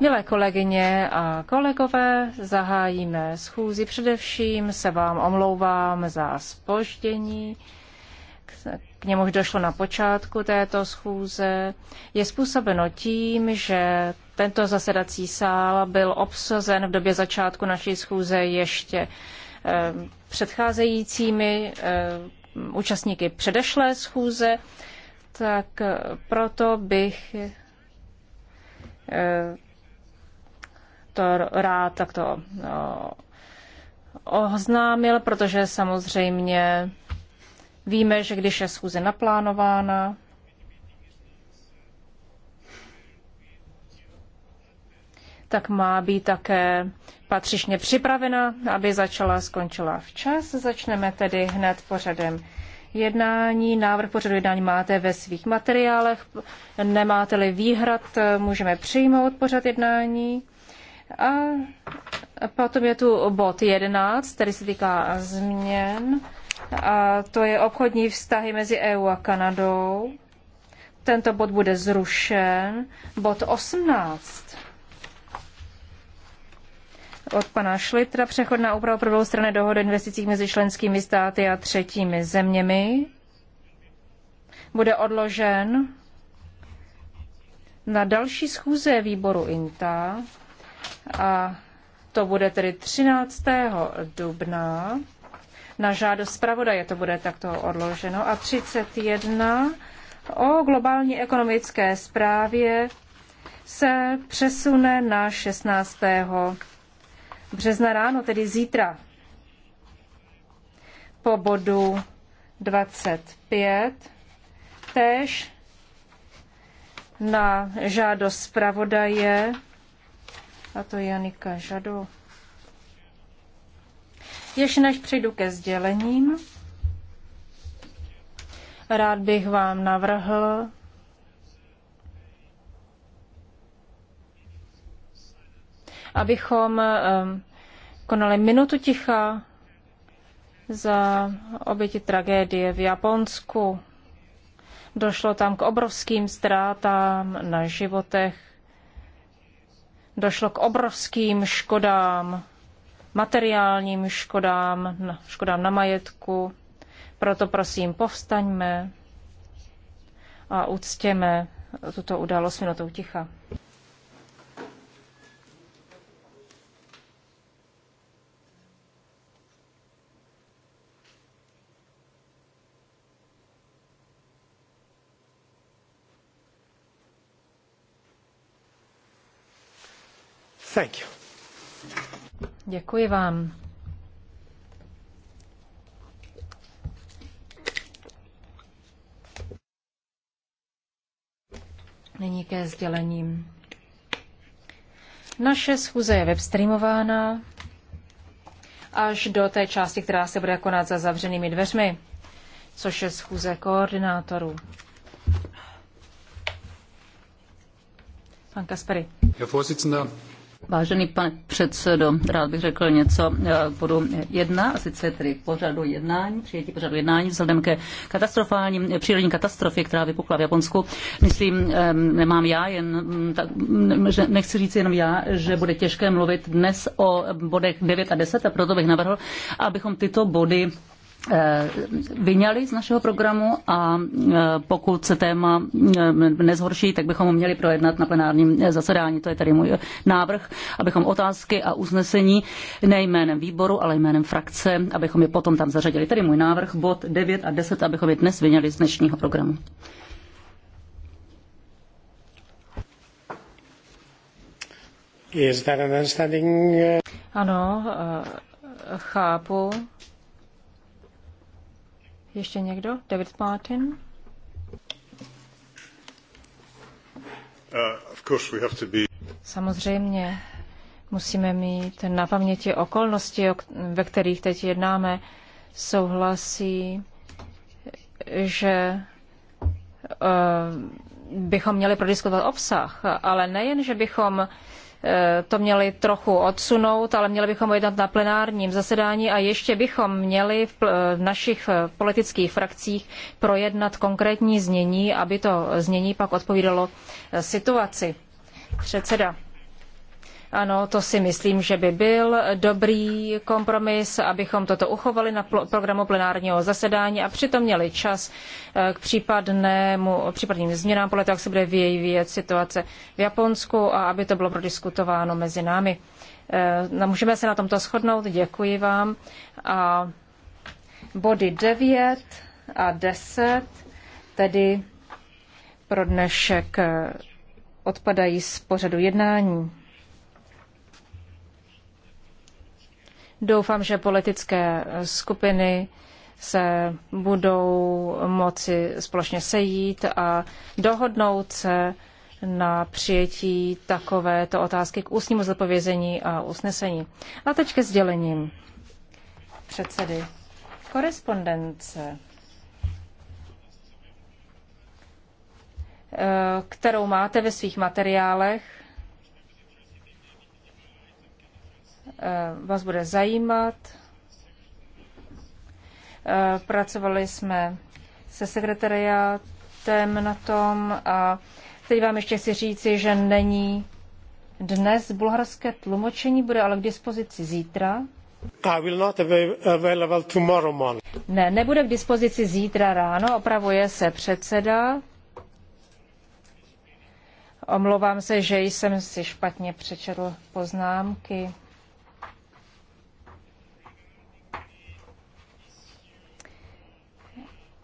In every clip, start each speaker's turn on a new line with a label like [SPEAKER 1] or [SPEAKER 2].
[SPEAKER 1] Milé kolegyně a kolegové, zahájíme schůzi. Především se vám omlouvám za spoždění. K němuž došlo na počátku této schůze. Je způsobeno tím, že tento zasedací sál byl obsazen v době začátku naší schůze ještě eh, předcházejícími eh, účastníky předešlé schůze tak proto bych eh, to rád takto no, oznámil, protože samozřejmě víme, že když je schůze naplánována, tak má být také patřičně připravena, aby začala a skončila včas. Začneme tedy hned pořadem jednání. Návrh pořadu jednání máte ve svých materiálech. Nemáte-li výhrad, můžeme přijmout pořad jednání. A potom je tu bod 11, který se týká změn. A to je obchodní vztahy mezi EU a Kanadou. Tento bod bude zrušen. Bod 18 od pana Šlitra. Přechodná úprava pro dvoustranné dohody o investicích mezi členskými státy a třetími zeměmi bude odložen na další schůze výboru INTA a to bude tedy 13. dubna. Na žádost zpravodaje to bude takto odloženo. A 31 o globální ekonomické zprávě se přesune na 16 března ráno, tedy zítra, po bodu 25, též na žádost zpravodaje, a to Janika Žadu, Ještě než přijdu ke sdělením, rád bych vám navrhl abychom um, konali minutu ticha za oběti tragédie v Japonsku. Došlo tam k obrovským ztrátám na životech. Došlo k obrovským škodám, materiálním škodám, škodám na majetku. Proto prosím, povstaňme a uctěme tuto událost minutou ticha. Thank you. Děkuji vám. Nyní ke sdělením. Naše schůze je webstreamována až do té části, která se bude konat za zavřenými dveřmi, což je schůze koordinátorů.
[SPEAKER 2] Pan Kaspery.
[SPEAKER 3] Herr Vorsitzender,
[SPEAKER 2] Vážený pane předsedo, rád bych řekl něco eh, k bodu jedna, a sice tedy pořadu jednání, přijetí pořadu jednání vzhledem ke katastrofální eh, přírodní katastrofě, která vypukla v Japonsku. Myslím, ehm, nemám já, jen mm, tak, mm, že nechci říct jenom já, že bude těžké mluvit dnes o bodech 9 a 10 a proto bych navrhl, abychom tyto body Eh, vyňali z našeho programu a eh, pokud se téma eh, nezhorší, tak bychom ho měli projednat na plenárním zasedání. To je tady můj návrh, abychom otázky a usnesení ne jménem výboru, ale jménem frakce, abychom je potom tam zařadili. Tady můj návrh, bod 9 a 10, abychom je dnes vyňali z dnešního programu.
[SPEAKER 1] Ano, chápu ještě někdo? David Martin?
[SPEAKER 4] Uh, be...
[SPEAKER 1] Samozřejmě musíme mít na paměti okolnosti, ve kterých teď jednáme. Souhlasí, že uh, bychom měli prodiskutovat obsah, ale nejen, že bychom Eh, to měli trochu odsunout, ale měli bychom ho jednat na plenárním zasedání a ještě bychom měli v eh, našich eh, politických frakcích projednat konkrétní znění, aby to znění pak odpovídalo situaci. Předseda. Ano, to si myslím, že by byl dobrý kompromis, abychom toto uchovali na programu plenárního zasedání a přitom měli čas eh, k případnému, případným změnám podle toho, jak se bude vyvíjet situace v Japonsku a aby to bylo prodiskutováno mezi námi. Eh, no, můžeme se na tomto shodnout, děkuji vám. A body 9 a 10, tedy pro dnešek eh, odpadají z pořadu jednání. Doufám, že politické skupiny se budou moci společně sejít a dohodnout se na přijetí takovéto otázky k ústnímu zodpovězení a usnesení. A teď ke sdělením předsedy. Korespondence, eh, kterou máte ve svých materiálech, Eh, vás bude zajímat. Eh, pracovali jsme se sekretariátem na tom a teď vám ještě chci říci, že není dnes bulharské tlumočení, bude ale k dispozici zítra. Ne, nebude k dispozici zítra ráno, opravuje se předseda. Omlouvám se, že jsem si špatně přečetl poznámky.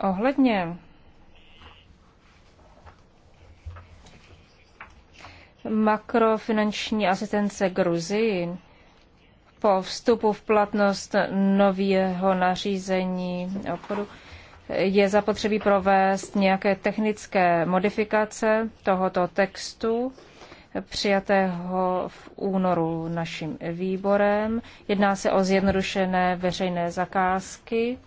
[SPEAKER 1] Ohledně makrofinanční asistence Gruzii po vstupu v platnost nového nařízení obchodu je zapotřebí provést nějaké technické modifikace tohoto textu přijatého v únoru naším výborem. Jedná se o zjednodušené veřejné zakázky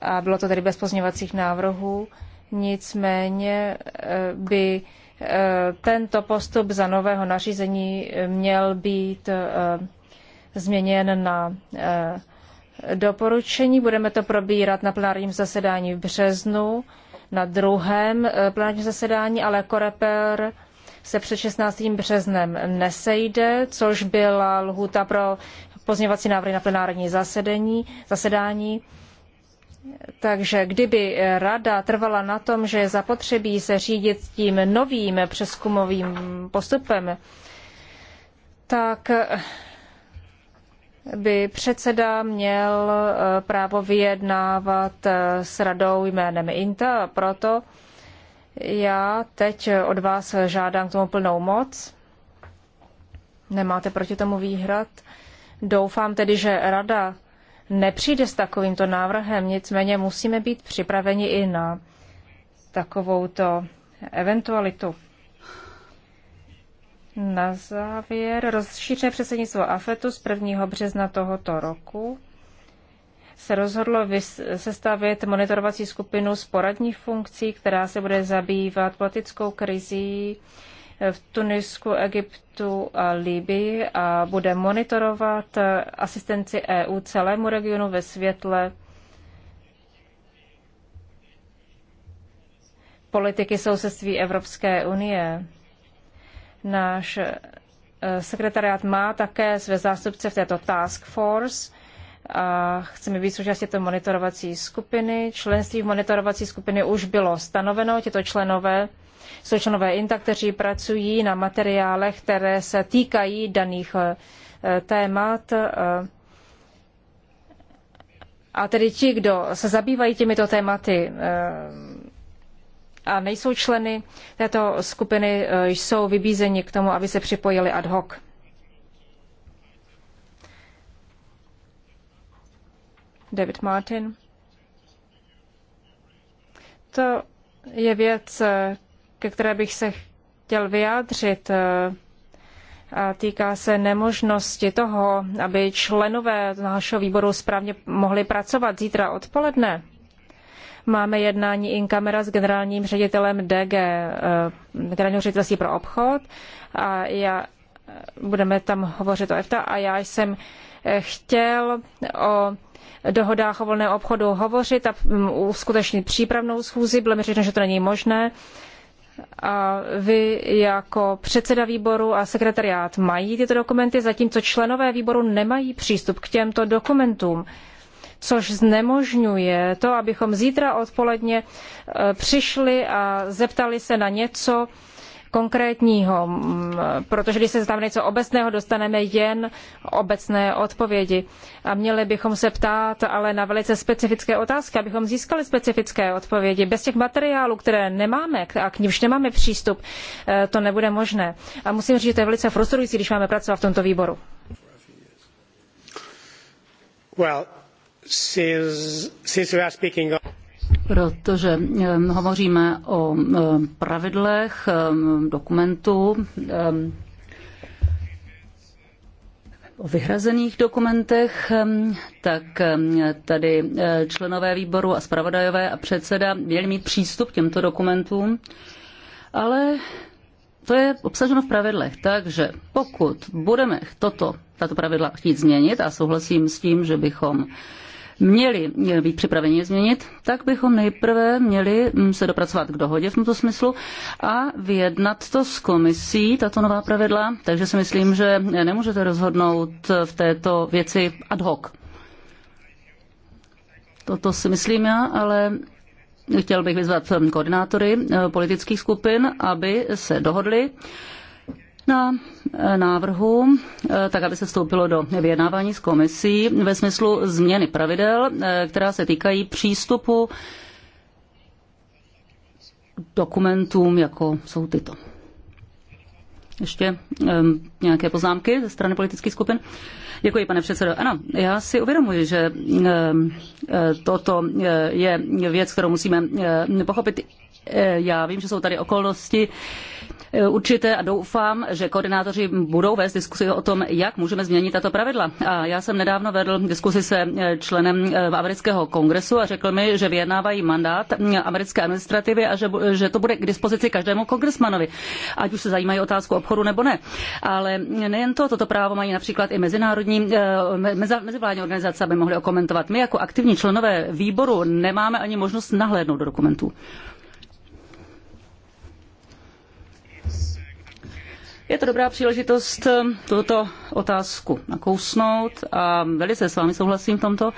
[SPEAKER 1] a bylo to tedy bez pozměňovacích návrhů. Nicméně eh, by eh, tento postup za nového nařízení měl být eh, změněn na doporučení. Budeme to probírat na plenárním zasedání v březnu, na druhém plenárním zasedání, ale Koreper se před 16. březnem nesejde, což byla lhůta pro pozměňovací návrhy na plenární zasedení, zasedání. Takže kdyby rada trvala na tom, že je zapotřebí se řídit tím novým přeskumovým postupem, tak by předseda měl eh, právo vyjednávat eh, s radou jménem INTA a proto já teď od vás žádám k tomu plnou moc. Nemáte proti tomu výhrad. Doufám tedy, že rada nepřijde s takovýmto návrhem, nicméně musíme být připraveni i na takovouto eventualitu. Na závěr rozšířené předsednictvo AFETu z 1. března tohoto roku se rozhodlo sestavit monitorovací skupinu s poradní funkcí, která se bude zabývat politickou krizí v Tunisku, Egyptu a Libii a bude monitorovat asistenci EU celému regionu ve světle politiky sousedství Evropské unie. Náš eh, sekretariát má také své zástupce v této task force a chceme být součástí této monitorovací skupiny. Členství v monitorovací skupiny už bylo stanoveno, tyto členové jsou členové INTA, kteří pracují na materiálech, které se týkají daných eh, témat. Eh, a tedy ti, kdo se zabývají těmito tématy eh, a nejsou členy této skupiny, jsou vybízeni k tomu, aby se připojili ad hoc. David Martin. To je věc, ke které bych se chtěl vyjádřit, eh, a týká se nemožnosti toho, aby členové našeho výboru správně mohli pracovat zítra odpoledne. Máme jednání in camera s generálním ředitelem DG, eh, generálního ředitelství pro obchod a já, eh, budeme tam hovořit o EFTA a já jsem chtěl o dohodách o volném obchodu hovořit a mm, uskutečnit přípravnou schůzi. Bylo mi řečeno, že to není možné a vy jako předseda výboru a sekretariát mají tyto dokumenty, zatímco členové výboru nemají přístup k těmto dokumentům což znemožňuje to, abychom zítra odpoledne eh, přišli a zeptali se na něco, konkrétního, protože když se tam něco obecného, dostaneme jen obecné odpovědi. A měli bychom se ptát ale na velice specifické otázky, abychom získali specifické odpovědi. Bez těch materiálů, které nemáme a k nimž nemáme přístup, eh, to nebude možné. A musím říct, že to je velice frustrující, když máme pracovat v tomto výboru.
[SPEAKER 3] Well, since, since we are speaking
[SPEAKER 2] protože eh, hovoříme o eh, pravidlech eh, dokumentů, o vyhrazených dokumentech, tak tady členové výboru a zpravodajové a předseda měli mít přístup k těmto dokumentům, ale to je obsaženo v pravidlech, takže pokud budeme toto, tato pravidla chtít změnit, a souhlasím s tím, že bychom měli být připraveni změnit, tak bychom nejprve měli mm, se dopracovat k dohodě v tomto smyslu a vyjednat to s komisí, tato nová pravidla. Takže si myslím, že nemůžete rozhodnout v této věci ad hoc. Toto si myslím já, ale chtěl bych vyzvat koordinátory eh, politických skupin, aby se dohodli na eh, návrhu, eh, tak aby se vstoupilo do vyjednávání s komisí ve smyslu změny pravidel, eh, která se týkají přístupu dokumentům, jako jsou tyto. Ještě um, nějaké poznámky ze strany politických skupin? Děkuji, pane předsedo. Ano, já si uvědomuji, že um, toto je věc, kterou musíme um, pochopit. Já vím, že jsou tady okolnosti, uh, Eh, určité a doufám, že koordinátoři budou vést diskusi o tom, jak můžeme změnit tato pravidla. A já jsem nedávno vedl diskusi se eh, členem eh, amerického kongresu a řekl mi, že vyjednávají mandát americké administrativy a že, že to bude k dispozici každému kongresmanovi, ať už se zajímají otázku obchodu nebo ne. Ale nejen to, toto právo mají například i mezinárodní mezivládní organizace, aby mohly okomentovat. My jako aktivní členové výboru nemáme ani možnost nahlédnout do dokumentů. Je to dobrá příležitost eh, tuto otázku nakousnout a velice s vámi souhlasím v tomto.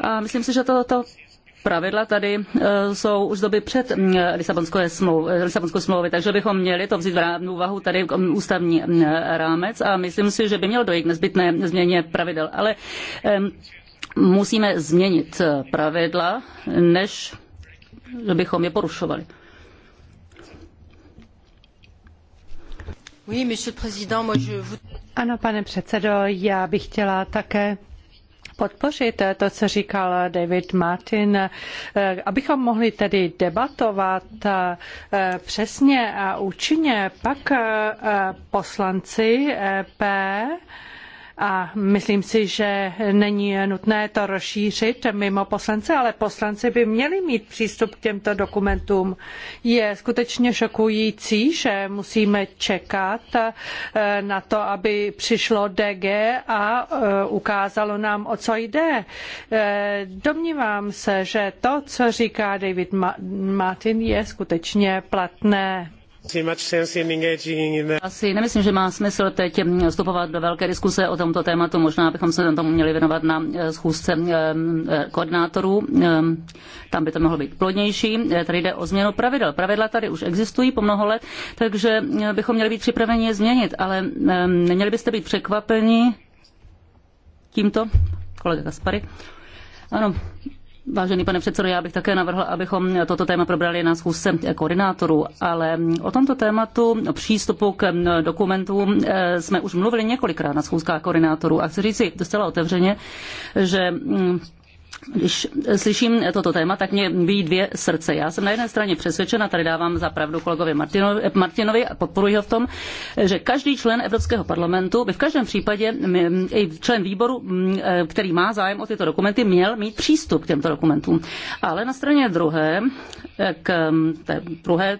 [SPEAKER 2] A myslím si, že toto pravidla tady eh, jsou už z doby před mm, Lisabonskou eh, smlouvy, takže bychom měli to vzít v úvahu tady mm, ústavní mm, rámec a myslím si, že by mělo dojít k nezbytné změně pravidel. Ale musíme změnit pravidla, než bychom je porušovali.
[SPEAKER 5] Ano, pane předsedo, já bych chtěla také podpořit eh, to, co říkal David Martin, eh, abychom mohli tedy debatovat eh, přesně a účinně, pak poslanci EP a myslím si, že není nutné to rozšířit mimo poslance, ale poslanci by měli mít přístup k těmto dokumentům. Je skutečně šokující, že musíme čekat eh, na to, aby přišlo DG a eh, ukázalo nám, o co jde. Eh, domnívám se, že to, co říká David Martin,
[SPEAKER 2] je skutečně platné. Asi nemyslím, že má smysl teď mm, vstupovat do velké diskuse o tomto tématu. Možná bychom se tomu měli věnovat na e, schůzce mm, e, koordinátorů. E, tam by to mohlo být plodnější. Tady jde o změnu pravidel. Pravidla tady už existují po mnoho let, takže mm, bychom měli být připraveni je změnit, ale neměli byste být překvapeni tímto, kolega Kaspary. Ano, Vážený pane předsedo, já bych také navrhl, abychom toto téma probrali na schůzce koordinátorů, ale o tomto tématu o přístupu k dokumentům eh, jsme už mluvili několikrát na schůzkách koordinátorů a chci říci, si otevřeně, že mm, když slyším toto téma, tak mě bíjí dvě srdce. Já jsem na jedné straně přesvědčena, tady dávám za pravdu kolegovi Martinovi, Martinovi a podporuji ho v tom, že každý člen Evropského parlamentu by v každém případě, i člen výboru, mm, e, který má zájem o tyto dokumenty, měl mít přístup k těmto dokumentům. Ale na straně druhé, e, mm, mm, k té druhé,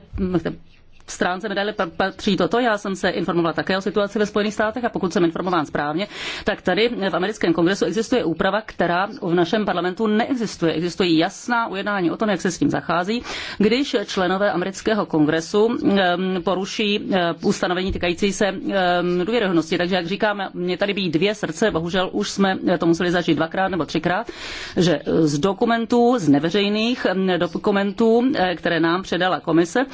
[SPEAKER 2] stránce medaile patří toto. Já jsem se informovala také o situaci ve Spojených státech a pokud jsem informován správně, tak tady v americkém kongresu existuje úprava, která v našem parlamentu neexistuje. Existují jasná ujednání o tom, jak se s tím zachází, když členové amerického kongresu poruší eh, ustanovení týkající se důvěryhodnosti. Takže jak říkám, mě tady být dvě srdce, bohužel už jsme to museli zažít dvakrát nebo třikrát, že z dokumentů, z neveřejných dokumentů, eh, které nám předala komise,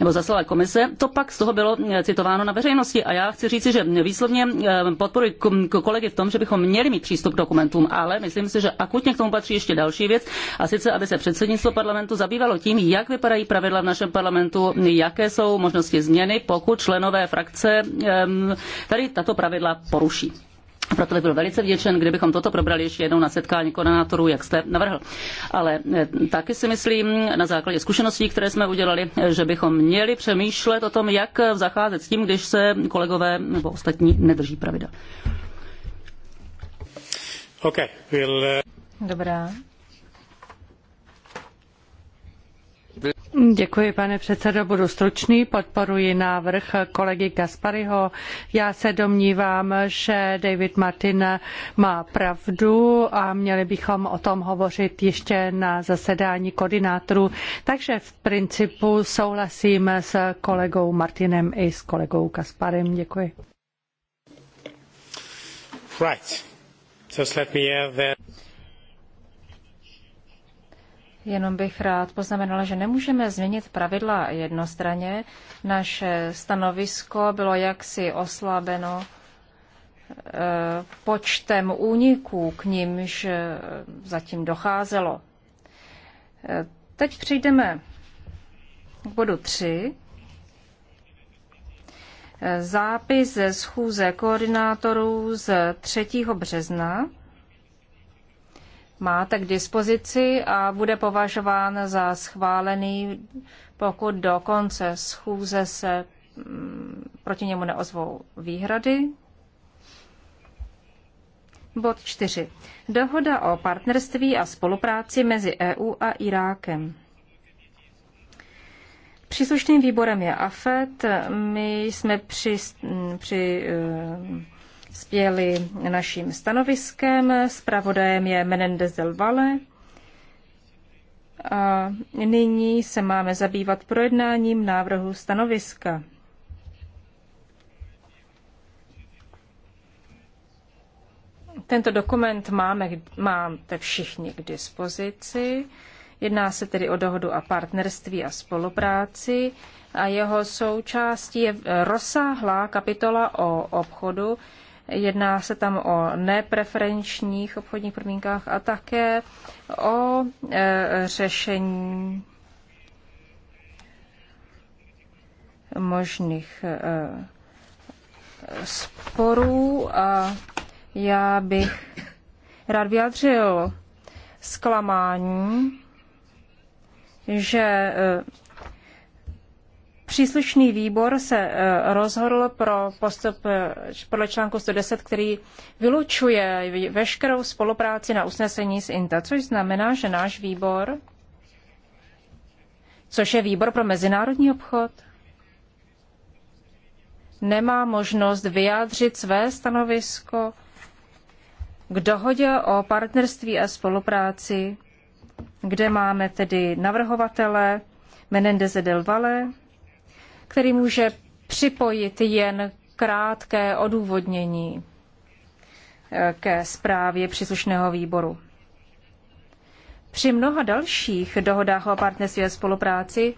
[SPEAKER 2] nebo zaslala komise, komise, to pak z toho bylo eh, citováno na veřejnosti. A já chci říci, že výslovně eh, podporuji kolegy v tom, že bychom měli mít přístup k dokumentům, ale myslím si, že akutně k tomu patří ještě další věc, a sice, aby se předsednictvo parlamentu zabývalo tím, jak vypadají pravidla v našem parlamentu, jaké jsou možnosti změny, pokud členové frakce ehm, tady tato pravidla poruší. Proto bych byl velice vděčen, kdybychom toto probrali ještě jednou na setkání koordinátorů, jak jste navrhl. Ale eh, taky si myslím, na základě zkušeností, které jsme udělali, že bychom měli přemýšlet o tom, jak zacházet s tím, když se kolegové nebo ostatní nedrží pravidla.
[SPEAKER 3] Okay, we'll, eh,
[SPEAKER 2] Dobrá,
[SPEAKER 5] Děkuji, pane předsedo, budu stručný, podporuji návrh kolegy Gaspariho. Já se domnívám, že David Martin má pravdu a měli bychom o tom hovořit ještě na zasedání koordinátorů. Takže v principu souhlasím s kolegou Martinem i s kolegou Gasparem. Děkuji.
[SPEAKER 3] Right.
[SPEAKER 1] Jenom bych rád poznamenala, že nemůžeme změnit pravidla jednostranně. Naše stanovisko bylo jaksi oslabeno eh, počtem úniků, k nímž eh, zatím docházelo. Eh, teď přejdeme k bodu 3. Zápis ze schůze koordinátorů z 3. března máte k dispozici a bude považován za schválený, pokud do konce schůze se mm, proti němu neozvou výhrady. Bod 4. Dohoda o partnerství a spolupráci mezi EU a Irákem. Příslušným výborem je AFET. My jsme při, při eh, spěli naším stanoviskem. Spravodajem je Menendez del Valle. A nyní se máme zabývat projednáním návrhu stanoviska. Tento dokument máme, máte všichni k dispozici. Jedná se tedy o dohodu a partnerství a spolupráci a jeho součástí je rozsáhlá kapitola o obchodu, Jedná se tam o nepreferenčních obchodních podmínkách a také o e, řešení možných e, sporů a já bych rád vyjádřil zklamání, že e, Příslušný výbor se eh, rozhodl pro postup eh, podle článku 110, který vylučuje veškerou spolupráci na usnesení s INTA, což znamená, že náš výbor, což je výbor pro mezinárodní obchod, nemá možnost vyjádřit své stanovisko k dohodě o partnerství a spolupráci, kde máme tedy navrhovatele Menendez del Valle, který může připojit jen krátké odůvodnění eh, ke zprávě příslušného výboru. Při mnoha dalších dohodách o partnerství a spolupráci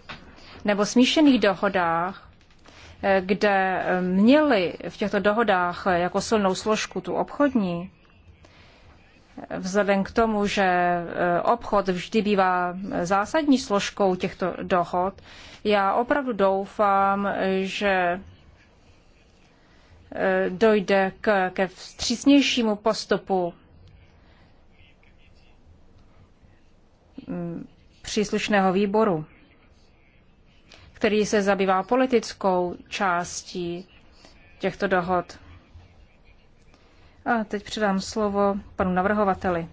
[SPEAKER 1] nebo smíšených dohodách, eh, kde měli v těchto dohodách eh, jako silnou složku tu obchodní, Vzhledem k tomu, že e, obchod vždy bývá zásadní složkou těchto dohod, já opravdu doufám, že e, dojde k, ke vstřícnějšímu postupu mm, příslušného výboru, který se zabývá politickou částí těchto dohod. A teď předám slovo panu navrhovateli.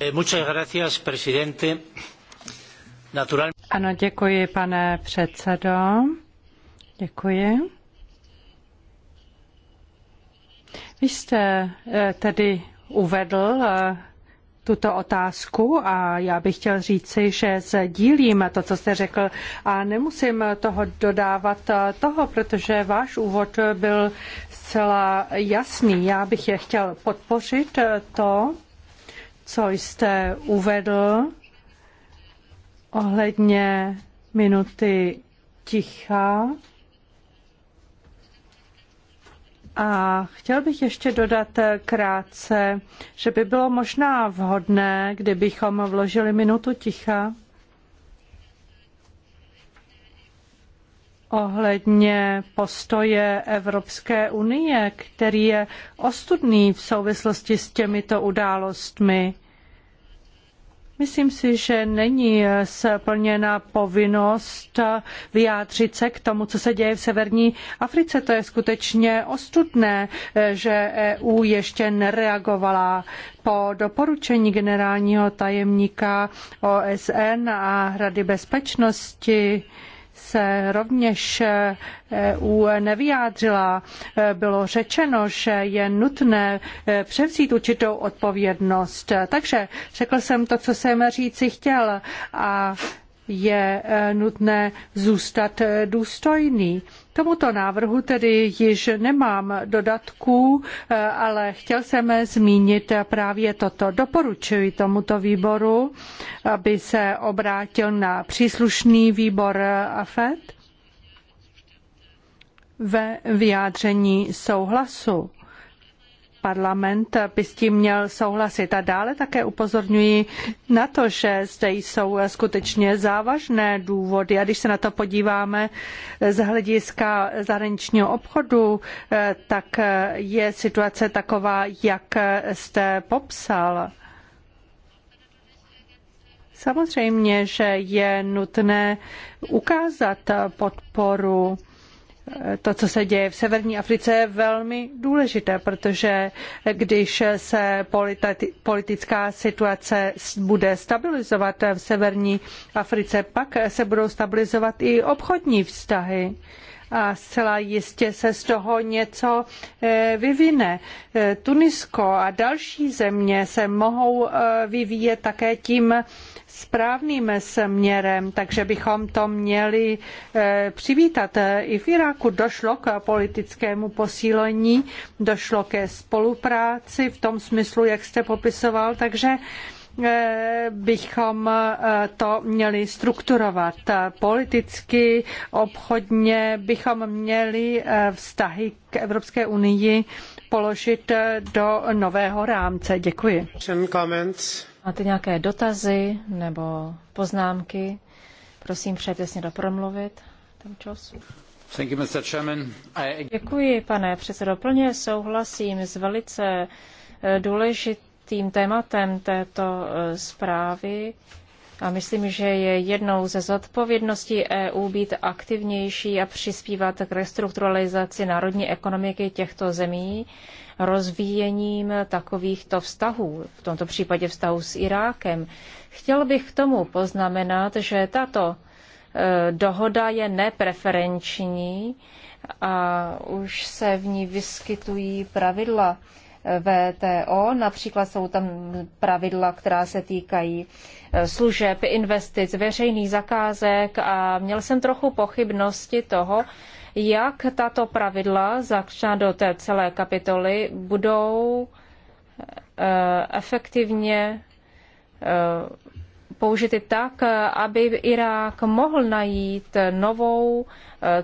[SPEAKER 3] Eh, muchas gracias,
[SPEAKER 5] Ano, děkuji, pane předsedo. Děkuji. Vy jste eh, tedy uvedl eh, tuto otázku a já bych chtěl říci, že sdílím to, co jste řekl a nemusím toho dodávat toho, protože váš úvod byl docela jasný. Já bych je chtěl podpořit eh, to, co jste uvedl ohledně minuty ticha. A chtěl bych ještě dodat eh, krátce, že by bylo možná vhodné, kdybychom vložili minutu ticha ohledně postoje Evropské unie, který je ostudný v souvislosti s těmito událostmi. Myslím si, že není splněna povinnost vyjádřit se k tomu, co se děje v severní Africe. To je skutečně ostudné, že EU ještě nereagovala po doporučení generálního tajemníka OSN a Rady bezpečnosti se rovněž EU nevyjádřila. Bylo řečeno, že je nutné e, převzít určitou odpovědnost. Takže řekl jsem to, co jsem říci chtěl a je e, nutné zůstat e, důstojný tomuto návrhu tedy již nemám dodatků, eh, ale chtěl jsem zmínit právě toto. Doporučuji tomuto výboru, aby se obrátil na příslušný výbor AFED ve vyjádření souhlasu parlament by s tím měl souhlasit. A dále také upozorňuji na to, že zde jsou skutečně závažné důvody. A když se na to podíváme z hlediska zahraničního obchodu, eh, tak eh, je situace taková, jak jste popsal. Samozřejmě, že je nutné ukázat podporu to, co se děje v severní Africe, je velmi důležité, protože když se politická situace bude stabilizovat v severní Africe, pak se budou stabilizovat i obchodní vztahy a zcela jistě se z toho něco eh, vyvine. Eh, Tunisko a další země se mohou eh, vyvíjet také tím správným směrem, takže bychom to měli eh, přivítat. Eh, I v Iráku došlo k politickému posílení, došlo ke spolupráci v tom smyslu, jak jste popisoval, takže eh, bychom to měli strukturovat. Politicky, obchodně bychom měli vztahy k Evropské unii položit do nového rámce. Děkuji.
[SPEAKER 1] Máte nějaké dotazy nebo poznámky? Prosím, přejte si dopromluvit ten čas. Děkuji, pane předsedo. Plně souhlasím s velice eh, důležitým tématem této eh, zprávy a myslím, že je jednou ze zodpovědností EU být aktivnější a přispívat k restrukturalizaci národní ekonomiky těchto zemí rozvíjením takovýchto vztahů, v tomto případě vztahu s Irákem. Chtěl bych k tomu poznamenat, že tato e, dohoda je nepreferenční a už se v ní vyskytují pravidla, VTO. Například jsou tam pravidla, která se týkají eh, služeb, investic, veřejných zakázek a měl jsem trochu pochybnosti toho, jak tato pravidla začná do té celé kapitoly budou eh, efektivně eh, použity tak, aby Irák mohl najít novou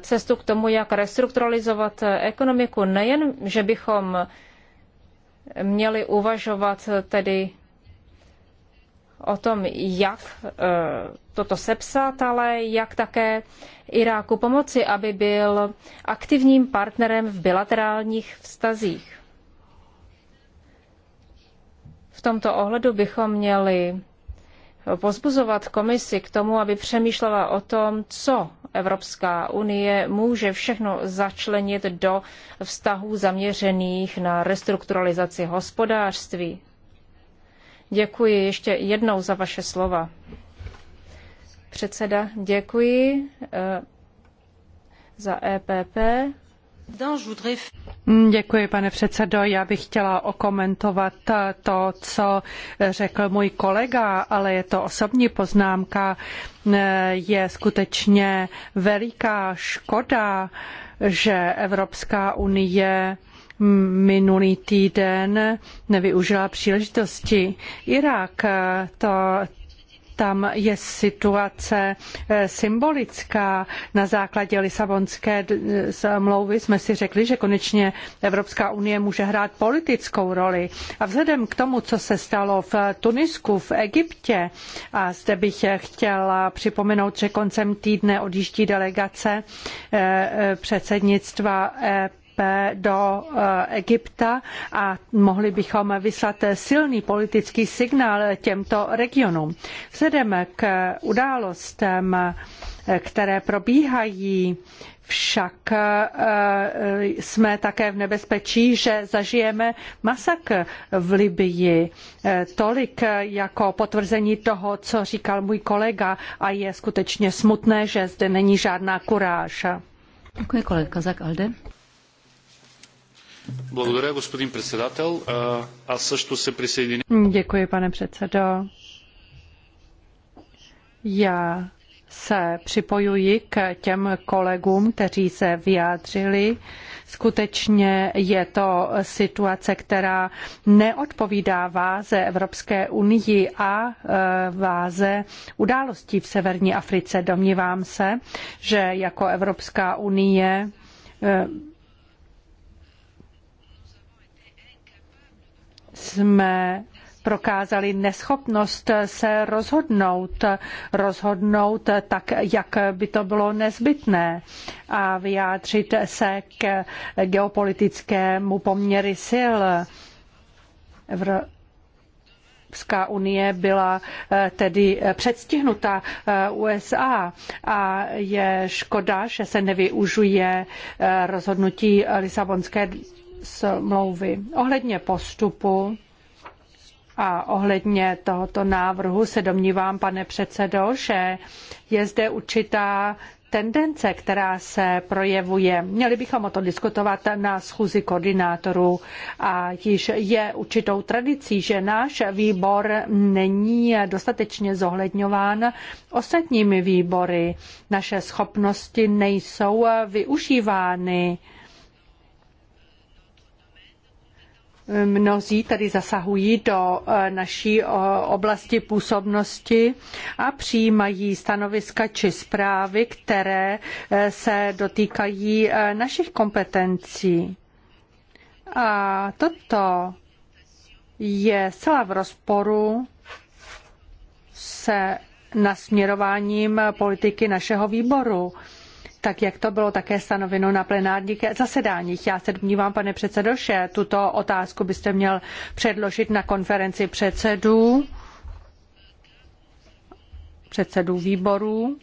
[SPEAKER 1] cestu k tomu, jak restrukturalizovat ekonomiku. Nejen, že bychom měli uvažovat tedy o tom, jak eh, toto sepsat, ale jak také Iráku pomoci, aby byl aktivním partnerem v bilaterálních vztazích. V tomto ohledu bychom měli pozbuzovat komisi k tomu, aby přemýšlela o tom, co Evropská unie může všechno začlenit do vztahů zaměřených na restrukturalizaci hospodářství. Děkuji ještě jednou za vaše slova. Předseda, děkuji eh,
[SPEAKER 5] za EPP. Děkuji, pane předsedo. Já bych chtěla okomentovat to, co řekl můj kolega, ale je to osobní poznámka. Je skutečně veliká škoda, že Evropská unie minulý týden nevyužila příležitosti. Irák, to, tam je situace eh, symbolická. Na základě Lisabonské smlouvy jsme si řekli, že konečně Evropská unie může hrát politickou roli. A vzhledem k tomu, co se stalo v Tunisku, v Egyptě, a zde bych chtěla připomenout, že koncem týdne odjíždí delegace eh, eh, předsednictva EP do eh, Egypta a mohli bychom vyslat silný politický signál těmto regionům. Vzhledem k událostem, eh, které probíhají, však eh, jsme také v nebezpečí, že zažijeme masakr v Libyi. Tolik jako potvrzení toho, co říkal můj kolega a je skutečně smutné, že zde není žádná kuráž.
[SPEAKER 2] Děkuji kolega Kazak Alde.
[SPEAKER 4] Благодаря, господин председател. Аз също се
[SPEAKER 5] Děkuji, pane předsedo. Já se připojuji k těm kolegům, kteří se vyjádřili. Skutečně je to situace, která neodpovídá váze Evropské unii a e, váze událostí v severní Africe. Domnívám se, že jako Evropská unie e, jsme prokázali neschopnost se rozhodnout, rozhodnout tak, jak by to bylo nezbytné a vyjádřit se k geopolitickému poměru sil. Evropská unie byla eh, tedy eh, předstihnuta eh, USA a je škoda, že se nevyužije rozhodnutí Lisabonské smlouvy. Ohledně postupu a ohledně tohoto návrhu se domnívám, pane předsedo, že je zde určitá tendence, která se projevuje. Měli bychom o to diskutovat na schůzi koordinátorů a již je určitou tradicí, že náš výbor není dostatečně zohledňován ostatními výbory. Naše schopnosti nejsou využívány. Mnozí tedy zasahují do e, naší oblasti působnosti a přijímají stanoviska či zprávy, které e, se dotýkají e, našich kompetencí. A toto je zcela v rozporu se nasměrováním politiky našeho výboru tak jak to bylo také stanoveno na plenárních zasedáních. Já se domnívám, pane předsedo, že tuto otázku byste měl předložit na konferenci předsedů předsedů výborů,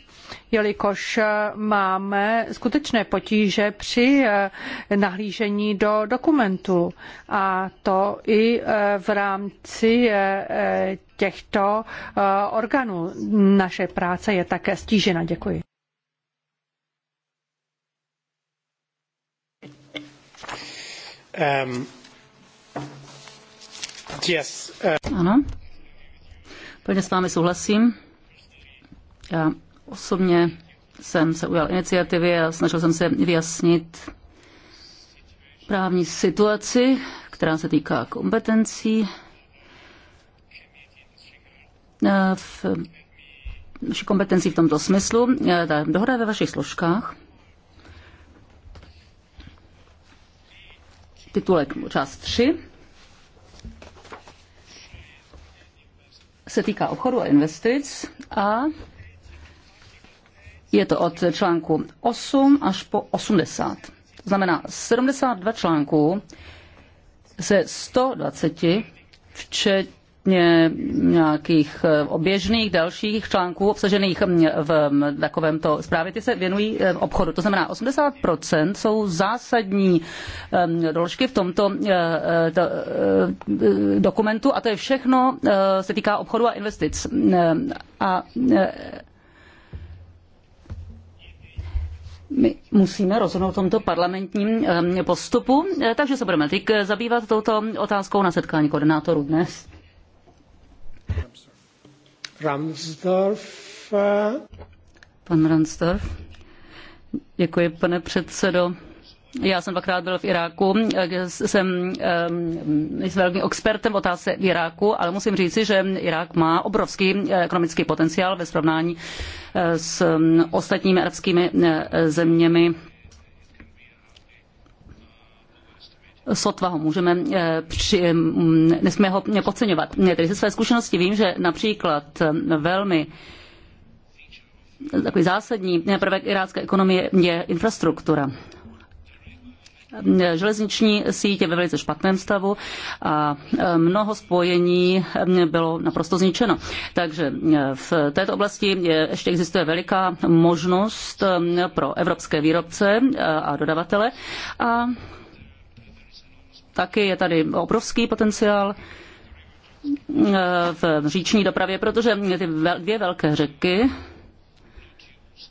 [SPEAKER 5] jelikož máme skutečné potíže při eh, nahlížení do dokumentu a to i eh, v rámci eh, těchto orgánů. Naše práce je také stížena. Děkuji.
[SPEAKER 3] Um, yes,
[SPEAKER 2] uh... Ano, plně s vámi souhlasím. Já osobně jsem se ujal iniciativy a snažil jsem se vyjasnit právní situaci, která se týká kompetencí eh, v naší kompetenci v tomto smyslu. Eh, ta dohoda ve vašich složkách titulek část 3 se týká obchodu a investic a je to od článku 8 až po 80. To znamená 72 článků se 120, včetně včetně nějakých eh, oběžných dalších článků obsažených mm, v mm, takovémto zprávě, ty se věnují eh, obchodu. To znamená, 80% jsou zásadní mm, doložky v tomto eh, dokumentu a to je všechno, se týká obchodu a investic. A my musíme rozhodnout o tomto parlamentním postupu, takže se budeme zabývat touto otázkou na setkání koordinátorů dnes. Ramsdorf. Pan Ransdorf. Děkuji, pane předsedo. Já jsem dvakrát byl v Iráku, jsem, ehm, velkým expertem v otázce v Iráku, ale musím říci, že Irák má obrovský eh, ekonomický potenciál ve srovnání eh, s mm, ostatními arabskými eh, zeměmi sotva ho můžeme eh, při, eh, nesmíme ho podceňovat. Tedy ze své zkušenosti vím, že například eh, velmi takový zásadní prvek irácké ekonomie je infrastruktura. Železniční síť je ve velice špatném stavu a mnoho spojení bylo naprosto zničeno. Takže v této oblasti ještě existuje veliká možnost pro evropské výrobce a dodavatele a Taky je tady obrovský potenciál eh, v říční dopravě, protože ty dvě velké řeky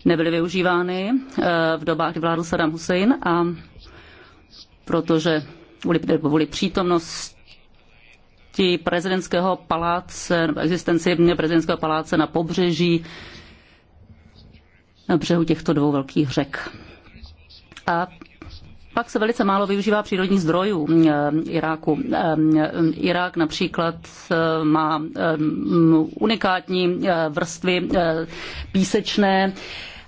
[SPEAKER 2] nebyly využívány eh, v dobách, kdy vládl Saddam Hussein a protože kvůli, přítomnost přítomnosti prezidentského paláce, nebo existenci prezidentského paláce na pobřeží, na břehu těchto dvou velkých řek. A pak se velice málo využívá přírodních zdrojů mm, eh, Iráku. Eh, Irák například eh, má unikátní vrstvy písečné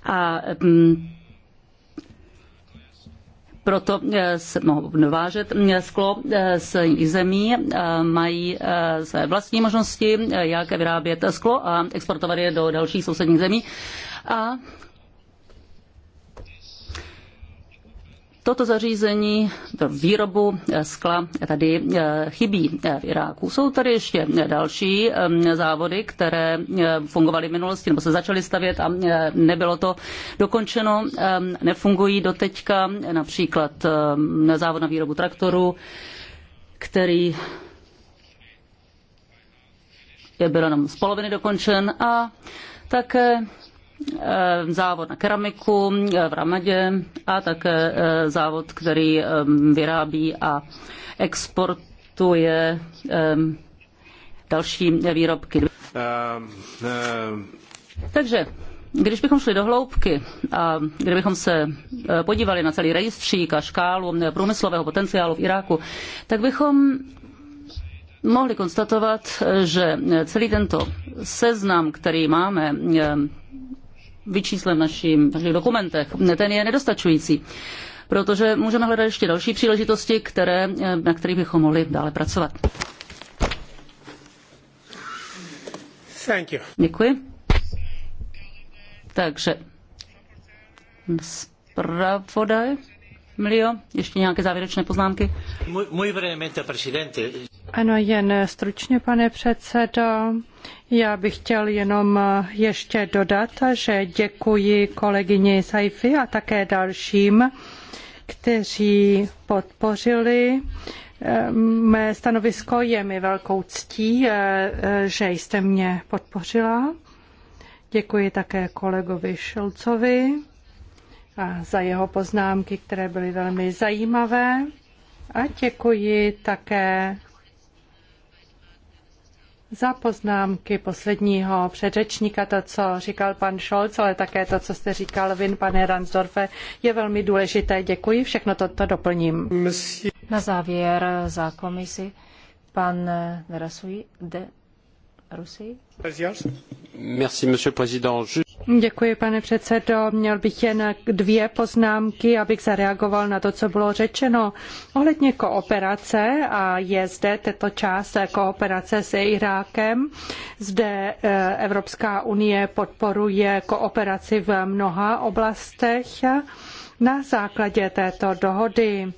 [SPEAKER 2] a mm, proto se mohou vážet mm, sklo z zemí, mají své vlastní možnosti, jak vyrábět sklo a exportovat je do dalších sousedních zemí. A Toto zařízení, to výrobu eh, skla tady eh, chybí eh, v Iráku. Jsou tady ještě další závody, které fungovaly v minulosti nebo se začaly stavět a nebylo to dokončeno. Nefungují doteďka například závod na výrobu traktoru, který byl jenom z poloviny dokončen a také Eh, závod na keramiku eh, v Ramadě a také eh, závod, který vyrábí a exportuje další výrobky. Takže když bychom šli do hloubky a kdybychom se podívali na celý rejstřík a škálu průmyslového potenciálu v Iráku, tak bychom mohli konstatovat, že celý tento seznam, který máme, vyčíslen v našich, našich dokumentech, ten je nedostačující protože můžeme hledat ještě další příležitosti, které, na kterých bychom mohli dále pracovat. Thank you. Děkuji. Takže zpravodaj. Mlio, ještě nějaké závěrečné poznámky?
[SPEAKER 3] Muy, muy presidente.
[SPEAKER 2] Ano, jen stručně, pane předsedo.
[SPEAKER 5] Já bych chtěl jenom ještě dodat, že děkuji kolegyni Saifi a také dalším, kteří podpořili eh, mé stanovisko. Je mi velkou ctí, eh, že jste mě podpořila. Děkuji také kolegovi Šelcovi a za jeho poznámky, které byly velmi zajímavé. A děkuji také za poznámky posledního předřečníka, to, co říkal pan Scholz, ale také to, co jste říkal vin, pane Ransdorfe, je velmi důležité. Děkuji, všechno toto doplním. Na závěr za komisi pan Derasuji de Děkuji, pane předsedající Měl bych jen dvě poznámky, abych zareagoval na to, co bylo řečeno. Ohledně kooperace a je zde tato část kooperace s Irákem. Zde eh, Evropská unie podporuje kooperaci v mnoha oblastech na základě této dohody.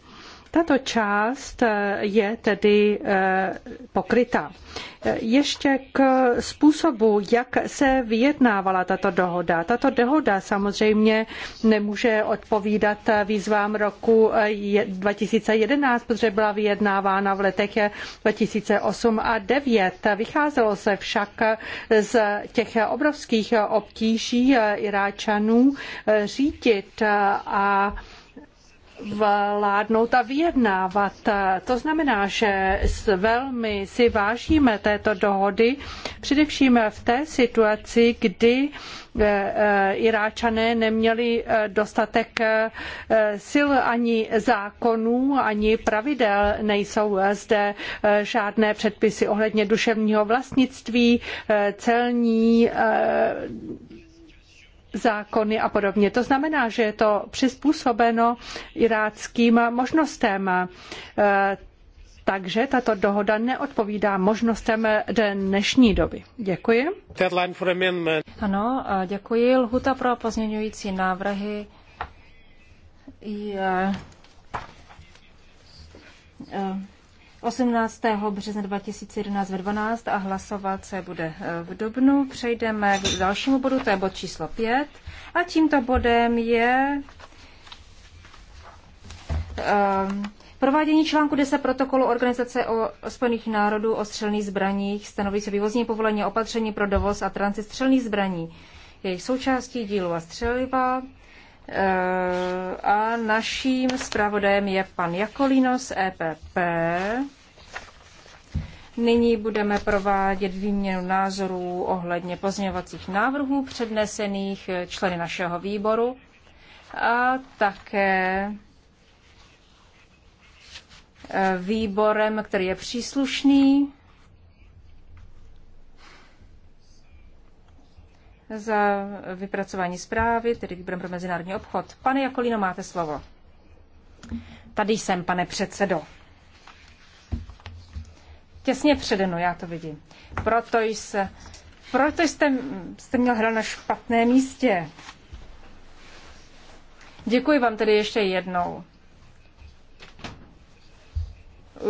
[SPEAKER 5] Tato část eh, je tedy eh, pokryta. Eh, ještě k způsobu, jak se vyjednávala tato dohoda. Tato dohoda samozřejmě nemůže odpovídat výzvám roku 2011, protože byla vyjednávána v letech 2008 a 2009. Vycházelo se však z těch obrovských obtíží Iráčanů řídit a vládnout a vyjednávat. To znamená, že velmi si vážíme této dohody, především v té situaci, kdy eh, eh, Iráčané neměli eh, dostatek sil ani zákonů, ani pravidel. Nejsou zde žádné předpisy ohledně duševního vlastnictví, celní zákony a podobně. To znamená, že je to přizpůsobeno iráckým možnostem. E, takže tato dohoda neodpovídá možnostem dnešní doby. Děkuji. Ano, děkuji. Lhuta pro pozměňující návrhy
[SPEAKER 1] je e, 18. března 2011 ve 12 a hlasovat se bude eh, v Dubnu. Přejdeme k dalšímu bodu, to je bod číslo 5. A tímto bodem je um, provádění článku 10 protokolu Organizace o Spojených národů o střelných zbraních stanoví se vývozní povolení opatření pro dovoz a transit střelných zbraní. Jejich součástí dílu a střeliva Eh, a naším zpravodajem je pan Jakolino z EPP. Nyní budeme provádět výměnu názorů ohledně pozměňovacích návrhů přednesených eh, členy našeho výboru a také eh, výborem, který je příslušný za vypracování zprávy, tedy výborem pro mezinárodní obchod. Pane Jakolino, máte slovo. Tady jsem, pane předsedo. Těsně přede mnou, já to vidím. Proto jste, proto jste, jste měl hra na špatné místě. Děkuji vám tedy ještě jednou.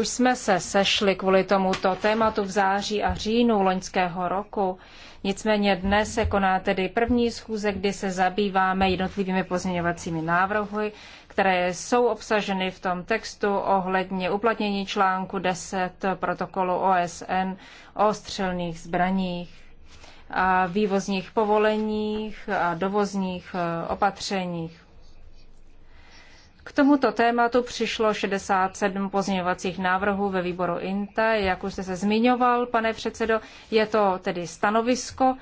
[SPEAKER 1] Už jsme se sešli kvůli tomuto tématu v září a říjnu loňského roku. Nicméně dnes se koná tedy první schůze, kdy se zabýváme jednotlivými pozměňovacími návrhy, které jsou obsaženy v tom textu ohledně uplatnění článku 10 protokolu OSN o střelných zbraních a vývozních povoleních a dovozních e, opatřeních. K tomuto tématu přišlo 67 pozměňovacích návrhů ve výboru INTA. Jak už jste se zmiňoval, pane předsedo, je to tedy stanovisko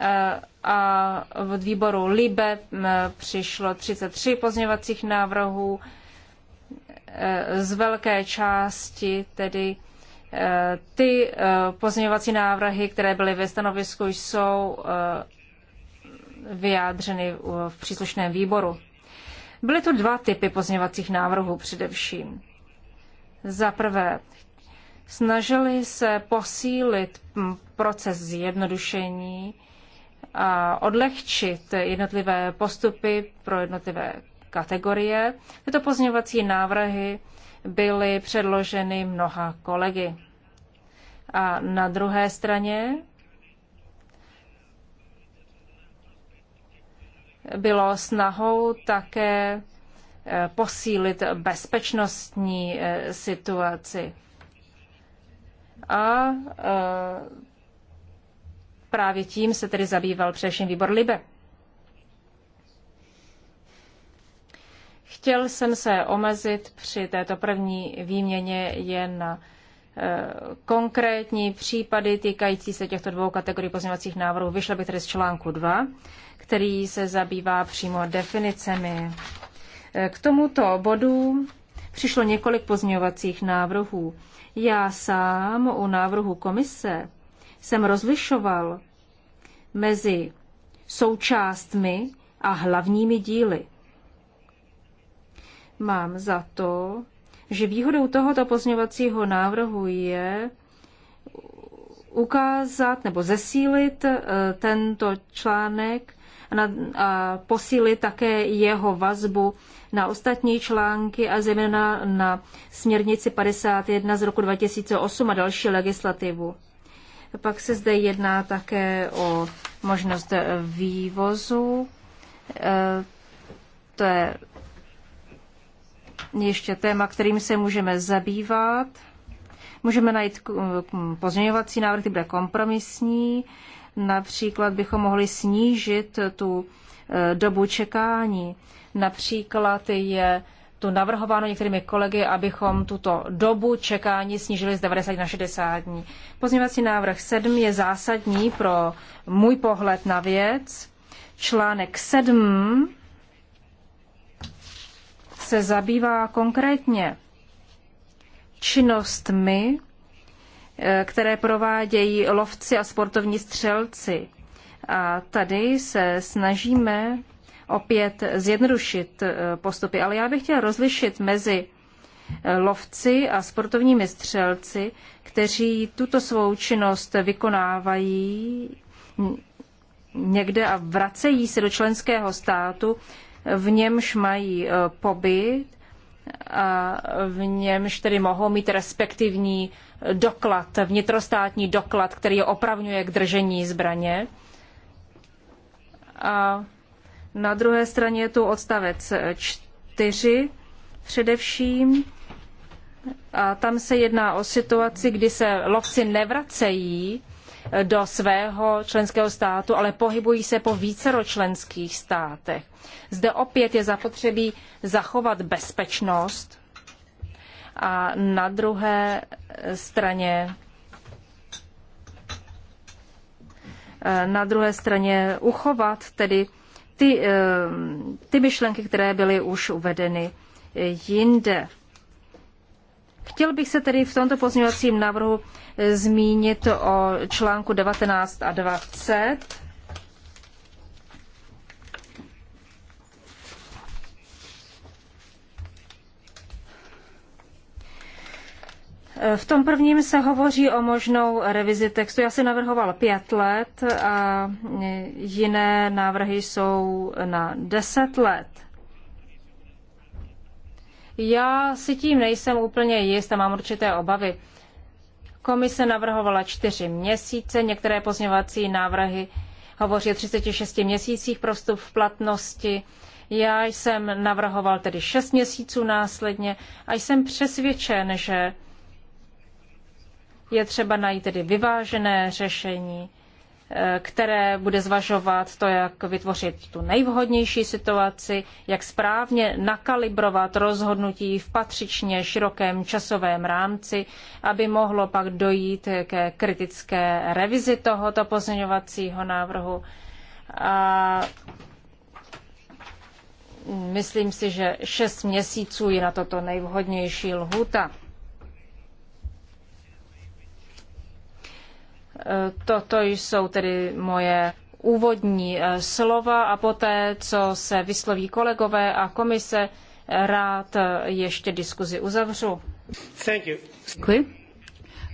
[SPEAKER 1] eh, a v výboru LIBE mm, přišlo 33 pozměňovacích návrhů. Eh, z velké části tedy eh, ty pozměňovací návrhy, které byly ve stanovisku, jsou vyjádřeny v příslušném výboru. Byly tu dva typy pozměňovacích návrhů především. Za prvé, snažili se posílit proces zjednodušení a odlehčit jednotlivé postupy pro jednotlivé kategorie. Tyto pozměňovací návrhy byly předloženy mnoha kolegy. A na druhé straně bylo snahou také eh, posílit bezpečnostní eh, situaci. A eh, právě tím se tedy zabýval především výbor Libe. Chtěl jsem se omezit při této první výměně jen na konkrétní případy týkající se těchto dvou kategorií pozměňovacích návrhů. Vyšla bych tedy z článku 2 který se zabývá přímo definicemi. E, k tomuto bodu přišlo několik pozměňovacích návrhů. Já sám u návrhu komise jsem rozlišoval mezi součástmi a hlavními díly. Mám za to, že výhodou tohoto pozměňovacího návrhu je ukázat nebo zesílit e, tento článek a posílit také jeho vazbu na ostatní články a zejména na směrnici 51 z roku 2008 a další legislativu. Pak se zde jedná také o možnost vývozu. E, to je ještě téma, kterým se můžeme zabývat. Můžeme najít pozměňovací návrh, který bude kompromisní. Například bychom mohli snížit tu eh, dobu čekání. Například je tu navrhováno některými kolegy, abychom tuto dobu čekání snížili z 90 na 60 dní. Pozměňovací návrh 7 je zásadní pro můj pohled na věc. Článek 7 se zabývá konkrétně činnostmi, které provádějí lovci a sportovní střelci. A tady se snažíme opět zjednodušit eh, postupy. Ale já bych chtěla rozlišit mezi eh, lovci a sportovními střelci, kteří tuto svou činnost vykonávají někde a vracejí se do členského státu, v němž mají eh, pobyt a v němž tedy mohou mít respektivní doklad, vnitrostátní doklad, který je opravňuje k držení zbraně. A na druhé straně je tu odstavec 4 především. A tam se jedná o situaci, kdy se lovci nevracejí do svého členského státu, ale pohybují se po vícero členských státech. Zde opět je zapotřebí zachovat bezpečnost a na druhé straně na druhé straně uchovat tedy ty, eh, ty myšlenky, které byly už uvedeny jinde. Chtěl bych se tedy v tomto pozměňovacím návrhu zmínit o článku 19 a 20 V tom prvním se hovoří o možnou revizi textu. Já si navrhoval pět let a jiné návrhy jsou na deset let. Já si tím nejsem úplně jist a mám určité obavy. Komise navrhovala čtyři měsíce, některé pozměňovací návrhy hovoří o 36 měsících pro vstup v platnosti. Já jsem navrhoval tedy šest měsíců následně a jsem přesvědčen, že je třeba najít tedy vyvážené řešení, eh, které bude zvažovat to, jak vytvořit tu nejvhodnější situaci, jak správně nakalibrovat rozhodnutí v patřičně širokém časovém rámci, aby mohlo pak dojít ke kritické revizi tohoto pozměňovacího návrhu. A myslím si, že šest měsíců je na toto nejvhodnější lhůta. Eh, toto jsou tedy moje úvodní eh, slova a poté, co se vysloví kolegové a komise, rád eh, ještě diskuzi uzavřu. Thank you.
[SPEAKER 2] Děkuji.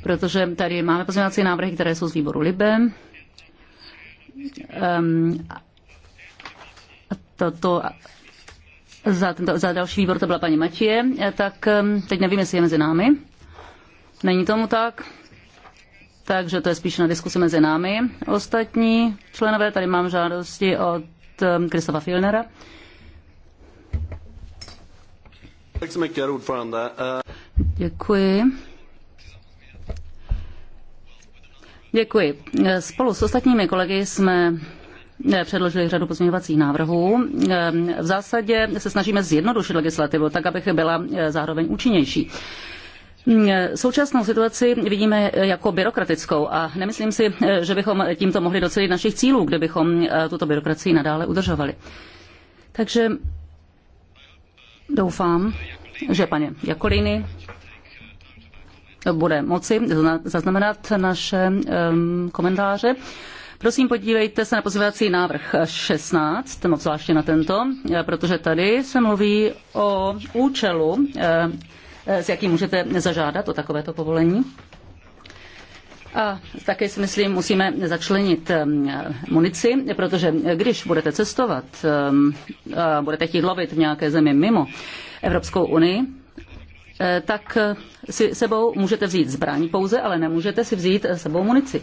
[SPEAKER 2] Protože tady máme pozměňovací návrhy, které jsou z výboru LIBE. Um, ehm, toto za, tento, za další výbor to byla paní Matěje, tak ehm, teď nevím, jestli je mezi námi. Není tomu tak takže to je spíš na diskusi mezi námi. Ostatní členové, tady mám žádosti od um, Kristofa Filnera. Děkuji. Děkuji. Spolu s ostatními kolegy jsme eh, předložili řadu pozměňovacích návrhů. Eh, v zásadě se snažíme zjednodušit legislativu tak, abych byla eh, zároveň účinnější. Mm, současnou situaci vidíme jako byrokratickou a nemyslím si, že bychom tímto mohli docelit našich cílů, kdybychom eh, tuto byrokracii nadále udržovali. Takže doufám, že paně Jakolíny bude moci zaznamenat naše ehm, komentáře. Prosím, podívejte se na pozvědací návrh 16, no zvláště na tento, eh, protože tady se mluví o účelu eh, Eh, s jakým můžete zažádat o takovéto povolení. A také si myslím, musíme začlenit eh, munici, protože když budete cestovat, eh, budete chtít lovit v nějaké zemi mimo Evropskou unii, tak si sebou můžete vzít zbraň pouze, ale nemůžete si vzít sebou munici.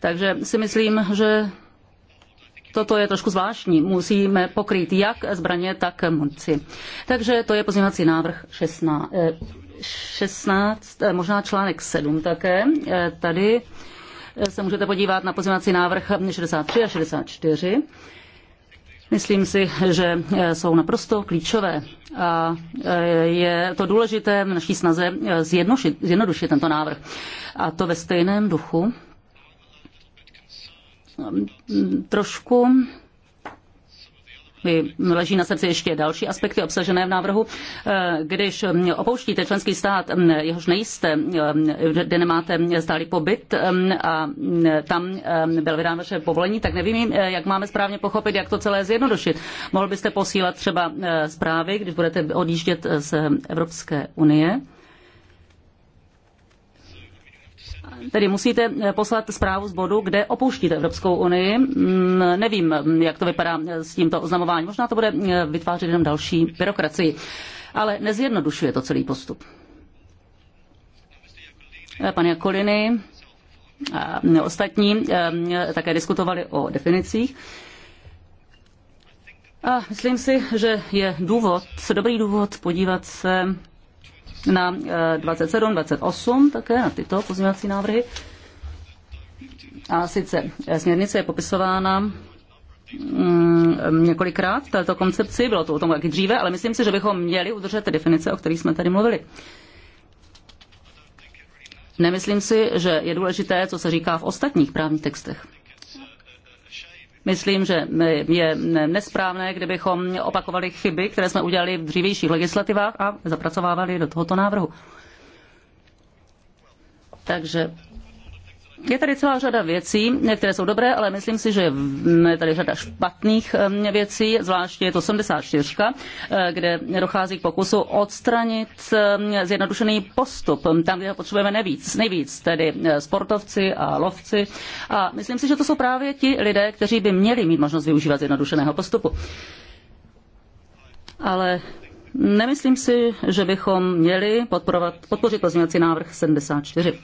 [SPEAKER 2] Takže si myslím, že toto je trošku zvláštní. Musíme pokrýt jak zbraně, tak munici. Takže to je pozměňovací návrh 16, 16, eh, eh, možná článek 7 také. Eh, tady se můžete podívat na pozměňovací návrh 63 a 64. Myslím si, že jsou naprosto klíčové a je to důležité v naší snaze zjednodušit, zjednodušit tento návrh. A to ve stejném duchu, Ehm, mm, trošku mi leží na srdci ještě další aspekty obsažené v návrhu. Ehm, když ehm, opouštíte členský stát, jehož nejste, kde nemáte stálý pobyt a mm, tam byl vydán vaše povolení, tak nevím, jak máme správně pochopit, jak to celé zjednodušit. Mohl byste posílat třeba zprávy, když budete odjíždět z Evropské unie tedy musíte eh, poslat zprávu z bodu, kde opouštíte Evropskou unii. Mm, nevím, jak to vypadá eh, s tímto oznamováním. Možná to bude eh, vytvářet jenom další byrokracii. Ale nezjednodušuje to celý postup. Pane Jakoliny a ostatní také diskutovali o definicích. A myslím si, že je důvod, dobrý důvod podívat se na 27, eh, 28 také, na tyto pozměňovací návrhy. A sice eh, směrnice je popisována mm, několikrát této koncepci, bylo to o tom taky dříve, ale myslím si, že bychom měli udržet ty definice, o kterých jsme tady mluvili. Nemyslím si, že je důležité, co se říká v ostatních právních textech. Myslím, že je nesprávné, kdybychom opakovali chyby, které jsme udělali v dřívějších legislativách a zapracovávali do tohoto návrhu. Takže je tady celá řada věcí, které jsou dobré, ale myslím si, že je tady řada špatných věcí, zvláště je to 74, eh, kde dochází k pokusu odstranit zjednodušený postup, tam, kde ho potřebujeme nejvíc, nejvíc, tedy eh, sportovci a lovci. A myslím si, že to jsou právě ti lidé, kteří by měli mít možnost využívat zjednodušeného postupu. Ale nemyslím si, že bychom měli podpořit pozměňovací návrh 74.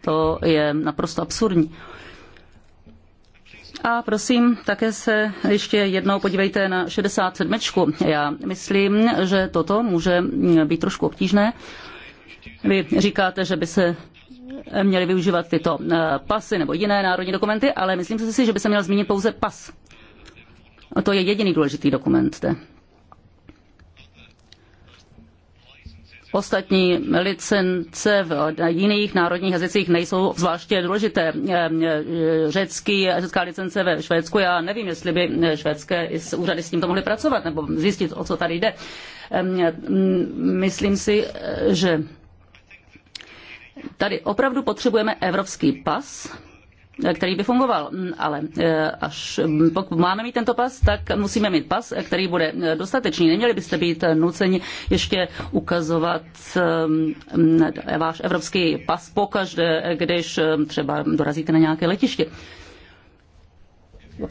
[SPEAKER 2] To je naprosto absurdní. A prosím, také se ještě jednou podívejte na 67. Já myslím, že toto může být trošku obtížné. Vy říkáte, že by se měly využívat tyto eh, pasy nebo jiné národní dokumenty, ale myslím si, že by se měl zmínit pouze pas. A to je jediný důležitý dokument. Zde. Ostatní licence v jiných národních jazycích nejsou zvláště důležité. Eh, eh, řecký, řecká licence ve Švédsku, já nevím, jestli by eh, švédské úřady s tímto mohly pracovat nebo zjistit, o co tady jde. Ehm, mm, myslím si, že tady opravdu potřebujeme evropský pas, který by fungoval. Ale eh, až hm, pokud máme mít tento pas, tak musíme mít pas, eh, který bude eh, dostatečný. Neměli byste být nuceni ještě ukazovat hm, hm, váš evropský pas pokaždé, když třeba dorazíte na nějaké letiště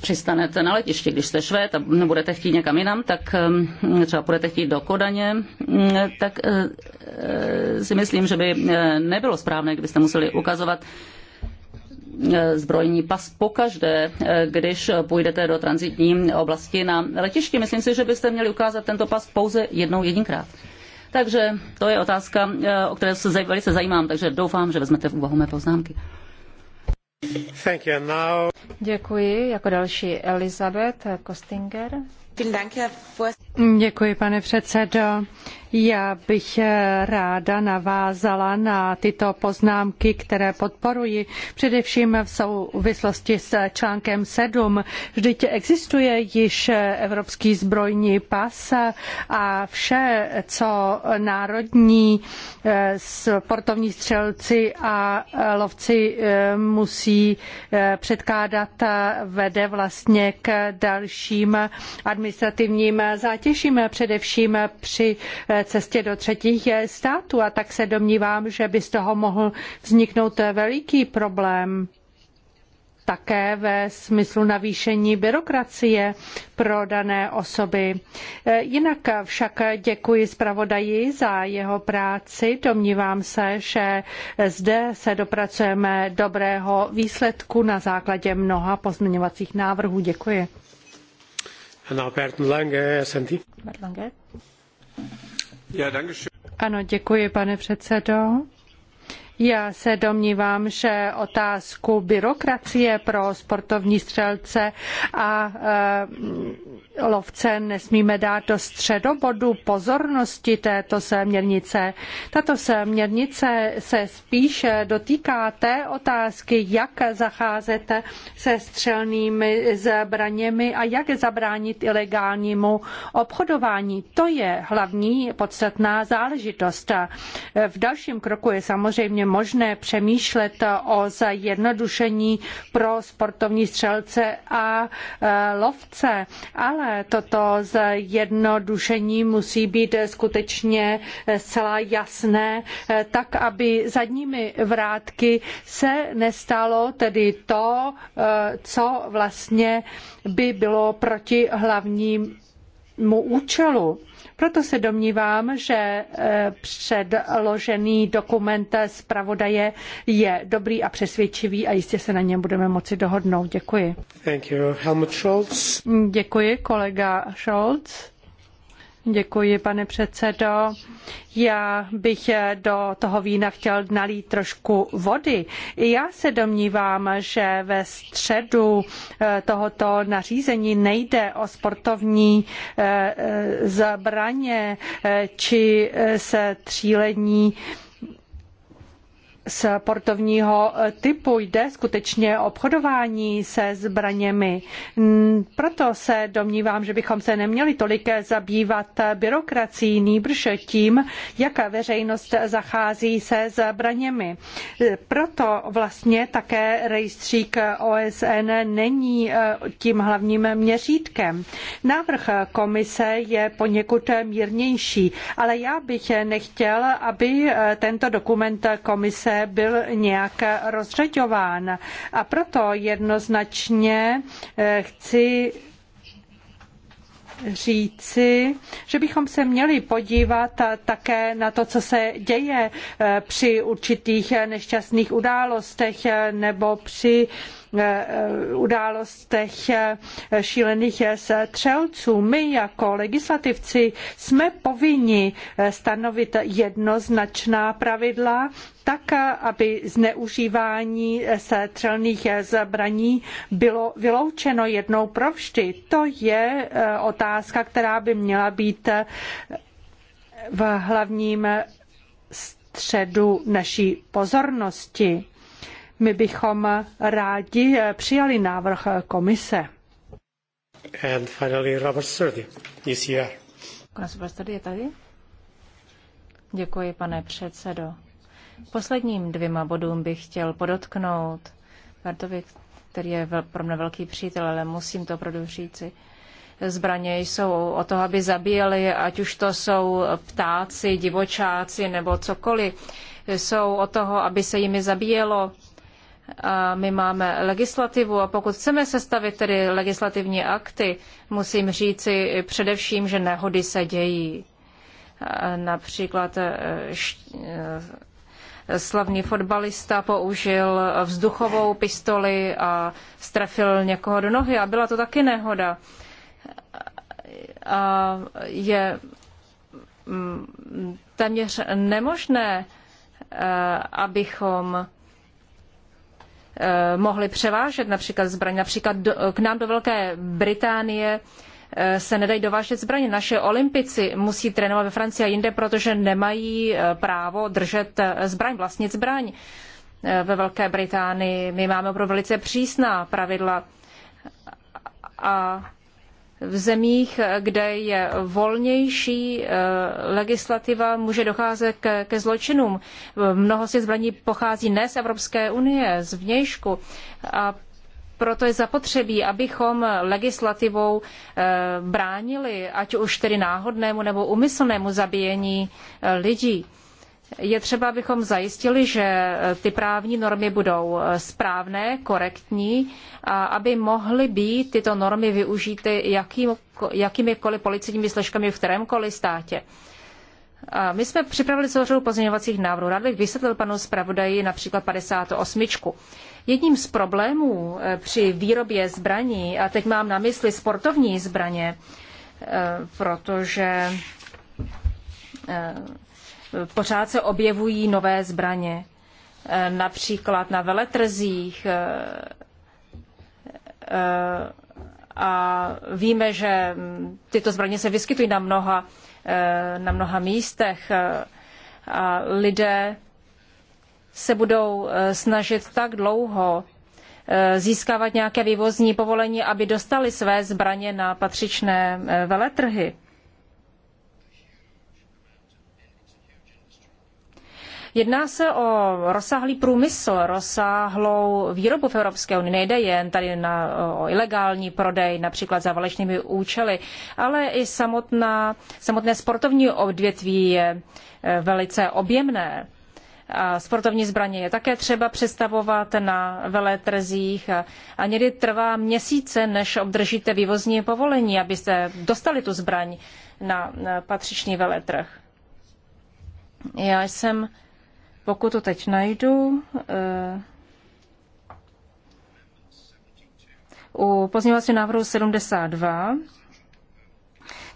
[SPEAKER 2] přistanete na letišti, když jste švéd a budete chtít někam jinam, tak třeba budete chtít do Kodaně, tak si myslím, že by nebylo správné, kdybyste museli ukazovat zbrojní pas pokaždé, když půjdete do transitní oblasti na letišti. Myslím si, že byste měli ukázat tento pas pouze jednou jedinkrát. Takže to je otázka, o které se velice zajímám, takže doufám, že vezmete v úvahu mé poznámky.
[SPEAKER 3] Now...
[SPEAKER 1] Děkuji. Jako další Elizabeth Kostinger.
[SPEAKER 5] Děkuji, pane předsedající. Já bych eh, ráda navázala na tyto poznámky, které podporuji, především v souvislosti s článkem 7. Vždyť existuje již eh, evropský zbrojní pas a vše, co národní eh, sportovní střelci a lovci musí předkládat, vede vlastně k dalším administrativním administrativním zátěžím, především při eh, cestě do třetích eh, států a tak se domnívám, že by z toho mohl vzniknout eh, veliký problém také ve smyslu navýšení byrokracie pro dané osoby. Jinak však děkuji zpravodaji za jeho práci. Domnívám se, že zde se dopracujeme dobrého výsledku na základě mnoha pozměňovacích návrhů. Děkuji. Ano, Ano, děkuji, pane předsedo. Já se domnívám, že otázku byrokracie pro sportovní střelce a e, lovce nesmíme dát do středobodu pozornosti této směrnice. Tato směrnice se spíše dotýká té otázky, jak zacházet se střelnými zbraněmi a jak zabránit ilegálnímu obchodování. To je hlavní podstatná záležitost. V dalším kroku je samozřejmě možné přemýšlet o zjednodušení pro sportovní střelce a e, lovce, ale toto zjednodušení musí být skutečně e, zcela jasné, e, tak aby zadními vrátky se nestalo tedy to, co vlastně by bylo proti hlavnímu účelu. Proto se domnívám, že eh, předložený dokument zpravodaje je dobrý a přesvědčivý a jistě se na něm budeme moci dohodnout. Děkuji.
[SPEAKER 3] Thank you. Helmut Scholz.
[SPEAKER 5] Děkuji, kolega Scholz. Děkuji, pane předsedo. Já bych do toho vína chtěl nalít trošku vody. Já se domnívám, že ve středu eh, tohoto nařízení nejde o sportovní eh, eh, zbraně či se střílení sportovního typu. Jde skutečně o obchodování se zbraněmi. Proto se domnívám, že bychom se neměli tolik zabývat byrokracií, nýbrž tím, jak veřejnost zachází se zbraněmi. Proto vlastně také rejstřík OSN není e, tím hlavním měřítkem. Návrh komise je poněkud mírnější, ale já bych nechtěl, aby e, tento dokument komise byl nějak rozřaďován. A proto jednoznačně eh, chci říci, že bychom se měli podívat eh, také na to, co se děje eh, při určitých nešťastných událostech nebo při Eh, eh, událostech eh, šílených střelců. My jako legislativci jsme povinni stanovit jednoznačná pravidla, tak, aby zneužívání střelných zbraní bylo vyloučeno jednou provždy. To je otázka, která by měla být v hlavním středu naší pozornosti. My bychom rádi eh, přijali návrh eh, komise.
[SPEAKER 3] And finally Robert Sturdy, ECR.
[SPEAKER 5] Konec Robert Sturdy je tady?
[SPEAKER 1] Děkuji, pane předsedo. Posledním dvěma bodům bych chtěl podotknout Bartovi, který je pro mě velký přítel, ale musím to opravdu říci. Zbraně jsou o to, aby zabíjeli, ať už to jsou ptáci, divočáci nebo cokoliv. Jsou o toho, aby se jimi zabíjelo my máme legislativu a pokud chceme sestavit tedy legislativní akty, musím říci především, že nehody se dějí. Například e, e, slavný fotbalista použil vzduchovou pistoli a strefil někoho do nohy a byla to taky nehoda. A je mm, téměř nemožné, e, abychom Eh, mohli převážet například zbraně. Například do, k nám do Velké Británie eh, se nedají dovážet zbraně. Naše olympici musí trénovat ve Francii a jinde, protože nemají eh, právo držet zbraň, vlastnit zbraň. Ve Velké Británii my máme opravdu velice přísná pravidla a v zemích, kde je volnější eh, legislativa, může docházet ke, ke zločinům. Mnoho si zbraní pochází ne z Evropské unie, z vnějšku. A proto je zapotřebí, abychom legislativou eh, bránili, ať už tedy náhodnému nebo umyslnému zabíjení eh, lidí je třeba, abychom zajistili, že ty právní normy budou eh, správné, korektní, a aby mohly být tyto normy využity jakým, jakýmikoliv policijními složkami v kterémkoliv státě. A my jsme připravili celou řadu pozměňovacích návrhů. Rád bych vysvětlil panu zpravodaji například 58. Jedním z problémů eh, při výrobě zbraní, a teď mám na mysli sportovní zbraně, eh, protože pořád se objevují nové zbraně. E, například na veletrzích e, e, a víme, že tyto zbraně se vyskytují na mnoha, na mnoha místech a lidé se budou snažit tak dlouho získávat nějaké vývozní povolení, aby dostali své zbraně na patřičné veletrhy. Jedná se o rozsáhlý průmysl, rozsáhlou výrobu v Evropské unii. Nejde jen tady na, o ilegální prodej, například za válečnými účely, ale i samotná, samotné sportovní odvětví je e, velice objemné. A sportovní zbraně je také třeba přestavovat na veletrzích a, a někdy trvá měsíce, než obdržíte vývozní povolení, abyste dostali tu zbraň na, na patřičný veletrh. Já jsem pokud to teď najdu, eh, u pozměňovacího návrhu 72,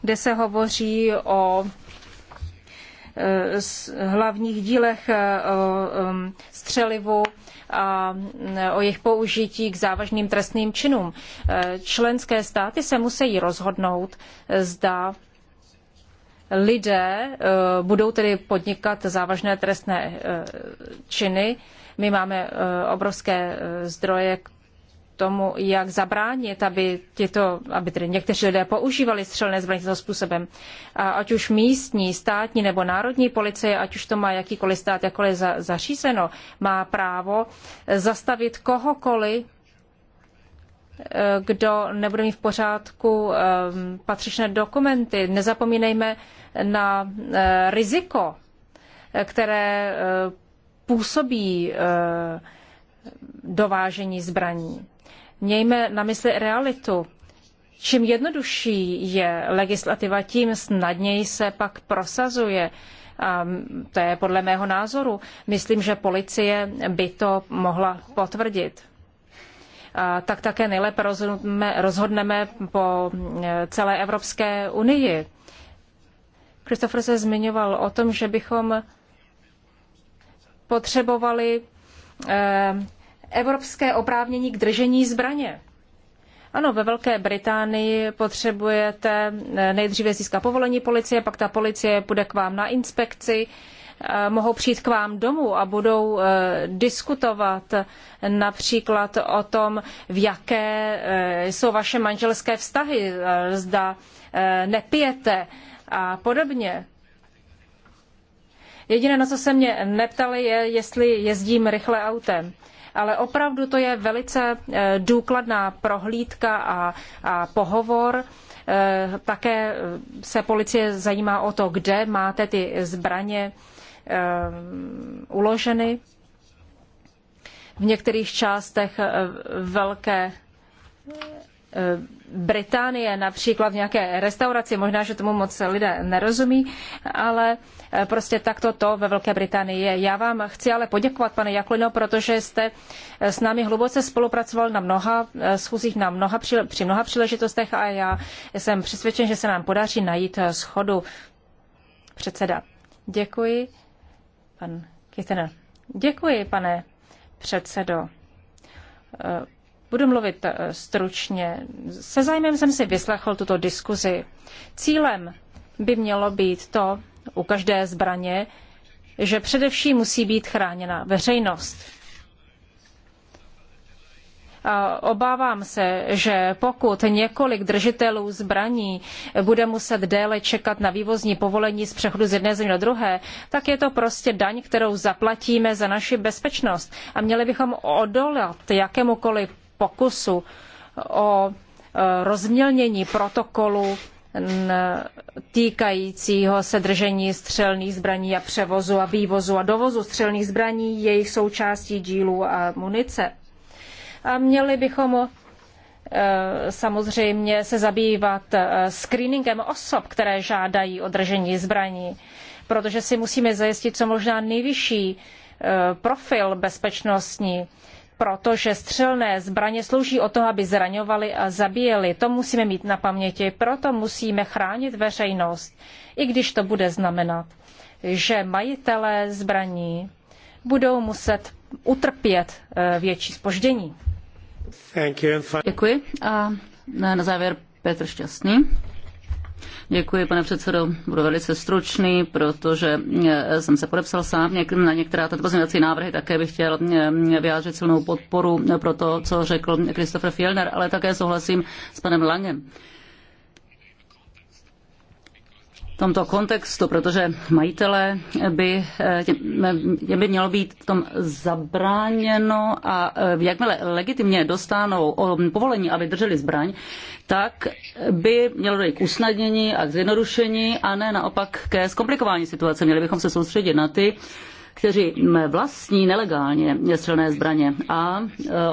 [SPEAKER 1] kde se hovoří o eh, hlavních dílech eh, střelivu a o jejich použití k závažným trestným činům. Členské státy se musí rozhodnout, zda lidé eh, budou tedy podnikat závažné trestné eh, činy. My máme eh, obrovské zdroje k tomu, jak zabránit, aby, tyto, aby tedy někteří lidé používali střelné zbraně tímto způsobem. A ať už místní, státní nebo národní policie, ať už to má jakýkoliv stát jakkoliv zařízeno, má právo zastavit kohokoliv, Eh, kdo nebude mít v pořádku eh, patřičné dokumenty. Nezapomínejme na eh, riziko, které působí dovážení zbraní. Mějme na mysli realitu. Čím jednodušší je legislativa, tím snadněji se pak prosazuje. A to je podle mého názoru. Myslím, že policie by to mohla potvrdit tak také nejlépe rozhodneme, rozhodneme po e, celé Evropské unii. Christopher se zmiňoval o tom, že bychom potřebovali e, evropské oprávnění k držení zbraně. Ano, ve Velké Británii potřebujete e, nejdříve získat povolení policie, pak ta policie půjde k vám na inspekci, Eh, mohou přijít k vám domů a budou eh, diskutovat například o tom, v jaké eh, jsou vaše manželské vztahy, zda nepijete a podobně. Jediné, na co se mě neptali, je, jestli jezdím rychle autem. Ale opravdu to je velice důkladná prohlídka a, a pohovor. Také se policie zajímá o to, kde máte ty zbraně Um, uloženy. V některých částech eh, Velké eh, Británie, například v nějaké restauraci, možná, že tomu moc lidé nerozumí, ale eh, prostě takto to ve Velké Británii je. Já vám chci ale poděkovat, pane Jaklino, protože jste s námi hluboce spolupracoval na mnoha schůzích, na mnoha, při mnoha příležitostech a já jsem přesvědčen, že se nám podaří najít schodu předseda. Děkuji. Pan Děkuji, pane předsedo. Eh, budu mluvit eh, stručně. Se zájmem jsem si vyslechl tuto diskuzi. Cílem by mělo být to u každé zbraně, že především musí být chráněna veřejnost obávám se, že pokud několik držitelů zbraní bude muset déle čekat na vývozní povolení z přechodu z jedné země do druhé, tak je to prostě daň, kterou zaplatíme za naši bezpečnost. A měli bychom odolat jakémukoliv pokusu o e, rozmělnění protokolu týkajícího se držení střelných zbraní a převozu a vývozu a dovozu střelných zbraní, jejich součástí dílů a munice a měli bychom eh, samozřejmě se zabývat eh, screeningem osob, které žádají o držení zbraní, protože si musíme zajistit co možná nejvyšší eh, profil bezpečnostní, protože střelné zbraně slouží o to, aby zraňovali a zabíjeli. To musíme mít na paměti, proto musíme chránit veřejnost, i když to bude znamenat, že majitelé zbraní budou muset utrpět větší spoždění.
[SPEAKER 2] Děkuji. A na závěr Petr Šťastný. Děkuji, pane předsedo. Budu velice stručný, protože eh, jsem se podepsal sám na některá tato pozměňovací návrhy. Také bych chtěl eh, vyjádřit silnou podporu pro to, co řekl Christopher Fielner, ale také souhlasím s panem Langem tomto kontextu, protože majitele by, eh, tě eh, by mělo být v tom zabráněno a eh, jakmile legitimně dostanou povolení, aby drželi zbraň, tak by mělo dojít k usnadnění a k zjednodušení a ne naopak ke zkomplikování situace. Měli bychom se soustředit na ty, kteří vlastní nelegálně střelné zbraně. A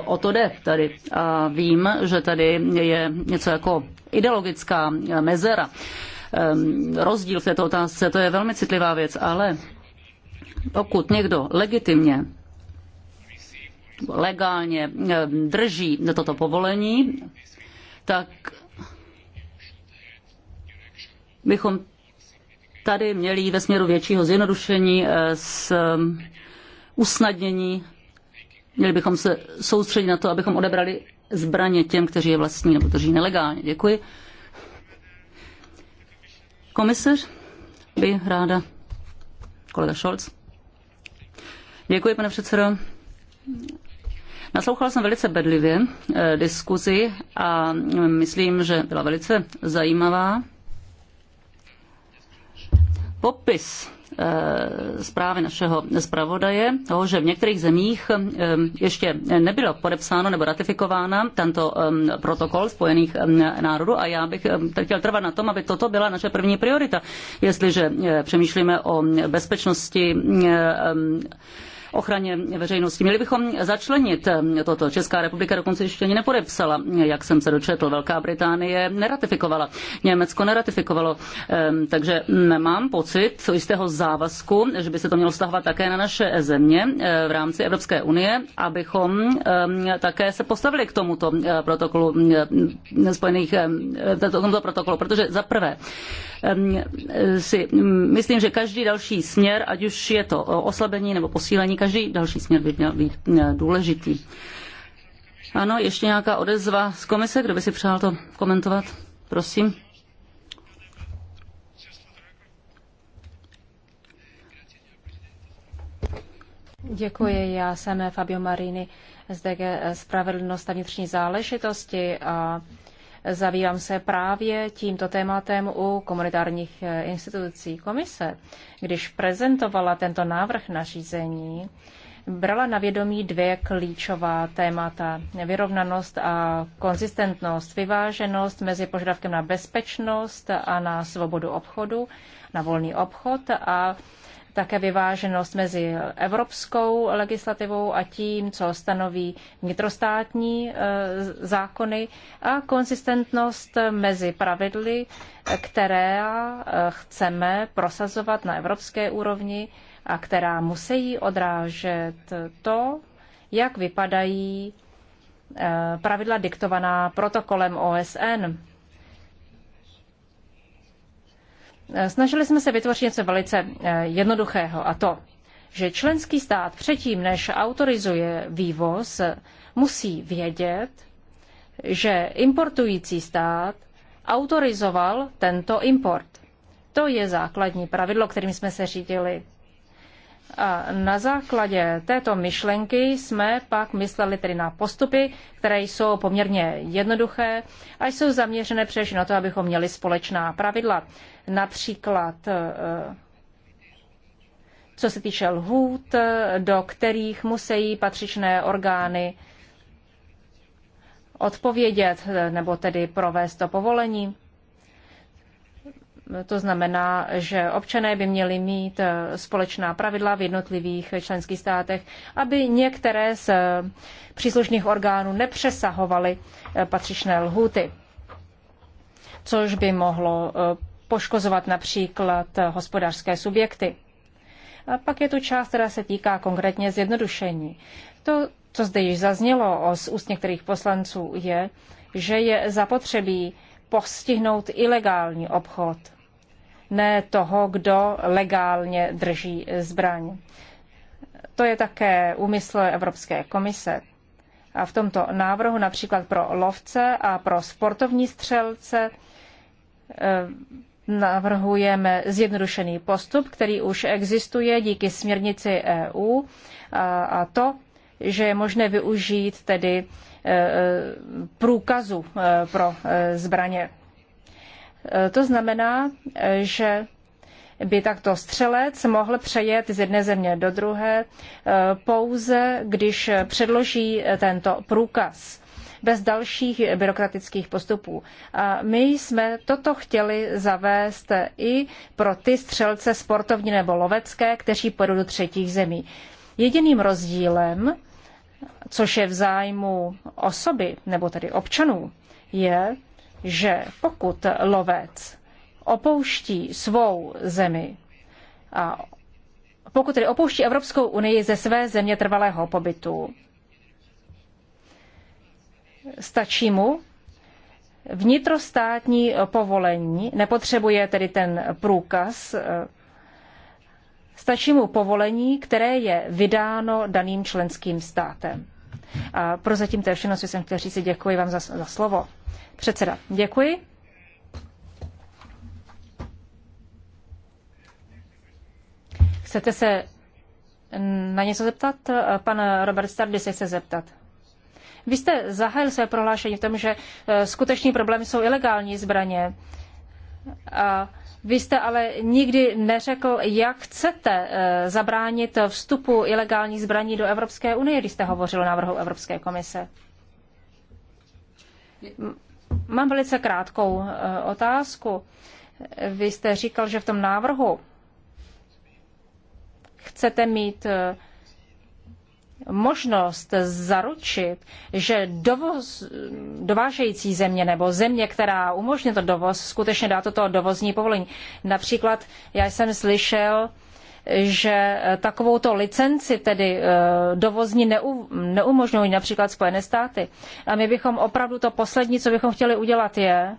[SPEAKER 2] o to jde tady. A vím, že tady je něco jako ideologická mezera Ehm, rozdíl v této otázce, to je velmi citlivá věc, ale pokud někdo legitimně legálně ehm, drží toto povolení, tak bychom tady měli ve směru většího zjednodušení eh, s ehm, usnadnění. Měli bychom se soustředit na to, abychom odebrali zbraně těm, kteří je vlastní nebo drží nelegálně. Děkuji. Komisař by ráda. Kolega Scholz. Děkuji, pane předsedo. Naslouchala jsem velice bedlivě eh, diskuzi a mm, myslím, že byla velice zajímavá. Popis Eh, zprávy našeho zpravodaje, toho, že v některých zemích eh, ještě nebylo podepsáno nebo ratifikována tento eh, protokol Spojených národů a já bych chtěl trvat na tom, aby toto byla naše první priorita, jestliže přemýšlíme o bezpečnosti ochraně veřejnosti. Měli bychom začlenit eh, toto. Česká republika dokonce ještě ani nepodepsala, eh, jak jsem se dočetl. Velká Británie neratifikovala. Německo neratifikovalo. Ehm, takže mm, mám pocit jistého závazku, že by se to mělo stahovat také na naše země eh, v rámci Evropské unie, abychom ehm, také se postavili k tomuto protokolu mm, Spojených, ehm, tomuto protokolu, protože za prvé E, si myslím, že každý další směr, ať už je to e, oslabení nebo posílení, každý další směr by měl být důležitý. Ano, ještě nějaká odezva z komise, kdo by si přál to komentovat? Prosím.
[SPEAKER 1] Děkuji, já jsem Fabio Marini z DG Spravedlnost a vnitřní záležitosti a Zabývám se právě tímto tématem u komunitárních eh, institucí komise. Když prezentovala tento návrh nařízení, brala na vědomí dvě klíčová témata. Vyrovnanost a konzistentnost, vyváženost mezi požadavkem na bezpečnost a na svobodu obchodu, na volný obchod a také vyváženost mezi evropskou legislativou a tím, co stanoví vnitrostátní e, zákony a konsistentnost mezi pravidly, které e, chceme prosazovat na evropské úrovni a která musí odrážet to, jak vypadají e, pravidla diktovaná protokolem OSN. Eh, snažili jsme se vytvořit něco velice eh, jednoduchého a to, že členský stát předtím, než autorizuje vývoz, musí vědět, že importující stát autorizoval tento import. To je základní pravidlo, kterým jsme se řídili. A na základě této myšlenky jsme pak mysleli tedy na postupy, které jsou poměrně jednoduché a jsou zaměřené především na to, abychom měli společná pravidla. Například eh, co se týče lhůt, eh, do kterých musí patřičné orgány odpovědět eh, nebo tedy provést to povolení. To znamená, že občané by měli mít eh, společná pravidla v jednotlivých členských státech, aby některé z eh, příslušných orgánů nepřesahovaly eh, patřičné lhuty, což by mohlo poškozovat například hospodářské subjekty. A pak je tu část, která se týká konkrétně zjednodušení. To, co zde již zaznělo z úst některých poslanců, je, že je zapotřebí postihnout ilegální obchod ne toho, kdo legálně drží zbraň. To je také úmysl Evropské komise. A v tomto návrhu například pro lovce a pro sportovní střelce eh, navrhujeme zjednodušený postup, který už existuje díky směrnici EU a to, že je možné využít tedy eh, eh, průkazu pro zbraně. Eh, to znamená, eh, že by takto střelec mohl přejet z jedné země do druhé eh, pouze, když předloží tento průkaz bez dalších byrokratických postupů. A my jsme toto chtěli zavést i pro ty střelce sportovní nebo lovecké, kteří půjdou do třetích zemí. Jediným rozdílem, což je v zájmu osoby nebo tedy občanů, je, že pokud lovec opouští svou zemi a pokud tedy opouští Evropskou unii ze své země trvalého pobytu, stačí mu vnitrostátní povolení, nepotřebuje tedy ten průkaz, stačí mu povolení, které je vydáno daným členským státem. A prozatím to je všechno, co jsem chtěl říct. Děkuji vám za, za slovo. Předseda, děkuji. Chcete se na něco zeptat? Pan Robert Stardy se chce zeptat. Vy jste zahájil své prohlášení v tom, že eh, skutečný problém jsou ilegální zbraně. A vy jste ale nikdy neřekl, jak chcete eh, zabránit vstupu ilegálních zbraní do Evropské unie, když jste hovořil o návrhu Evropské komise. Mám velice krátkou eh, otázku. Vy jste říkal, že v tom návrhu chcete mít eh, možnost zaručit, že dovoz, dovážející země nebo země, která umožní to dovoz, skutečně dá toto dovozní povolení. Například já jsem slyšel, že takovouto licenci, tedy eh, dovozní, neu, neumožňují například Spojené státy. A my bychom opravdu to poslední, co bychom chtěli udělat, je,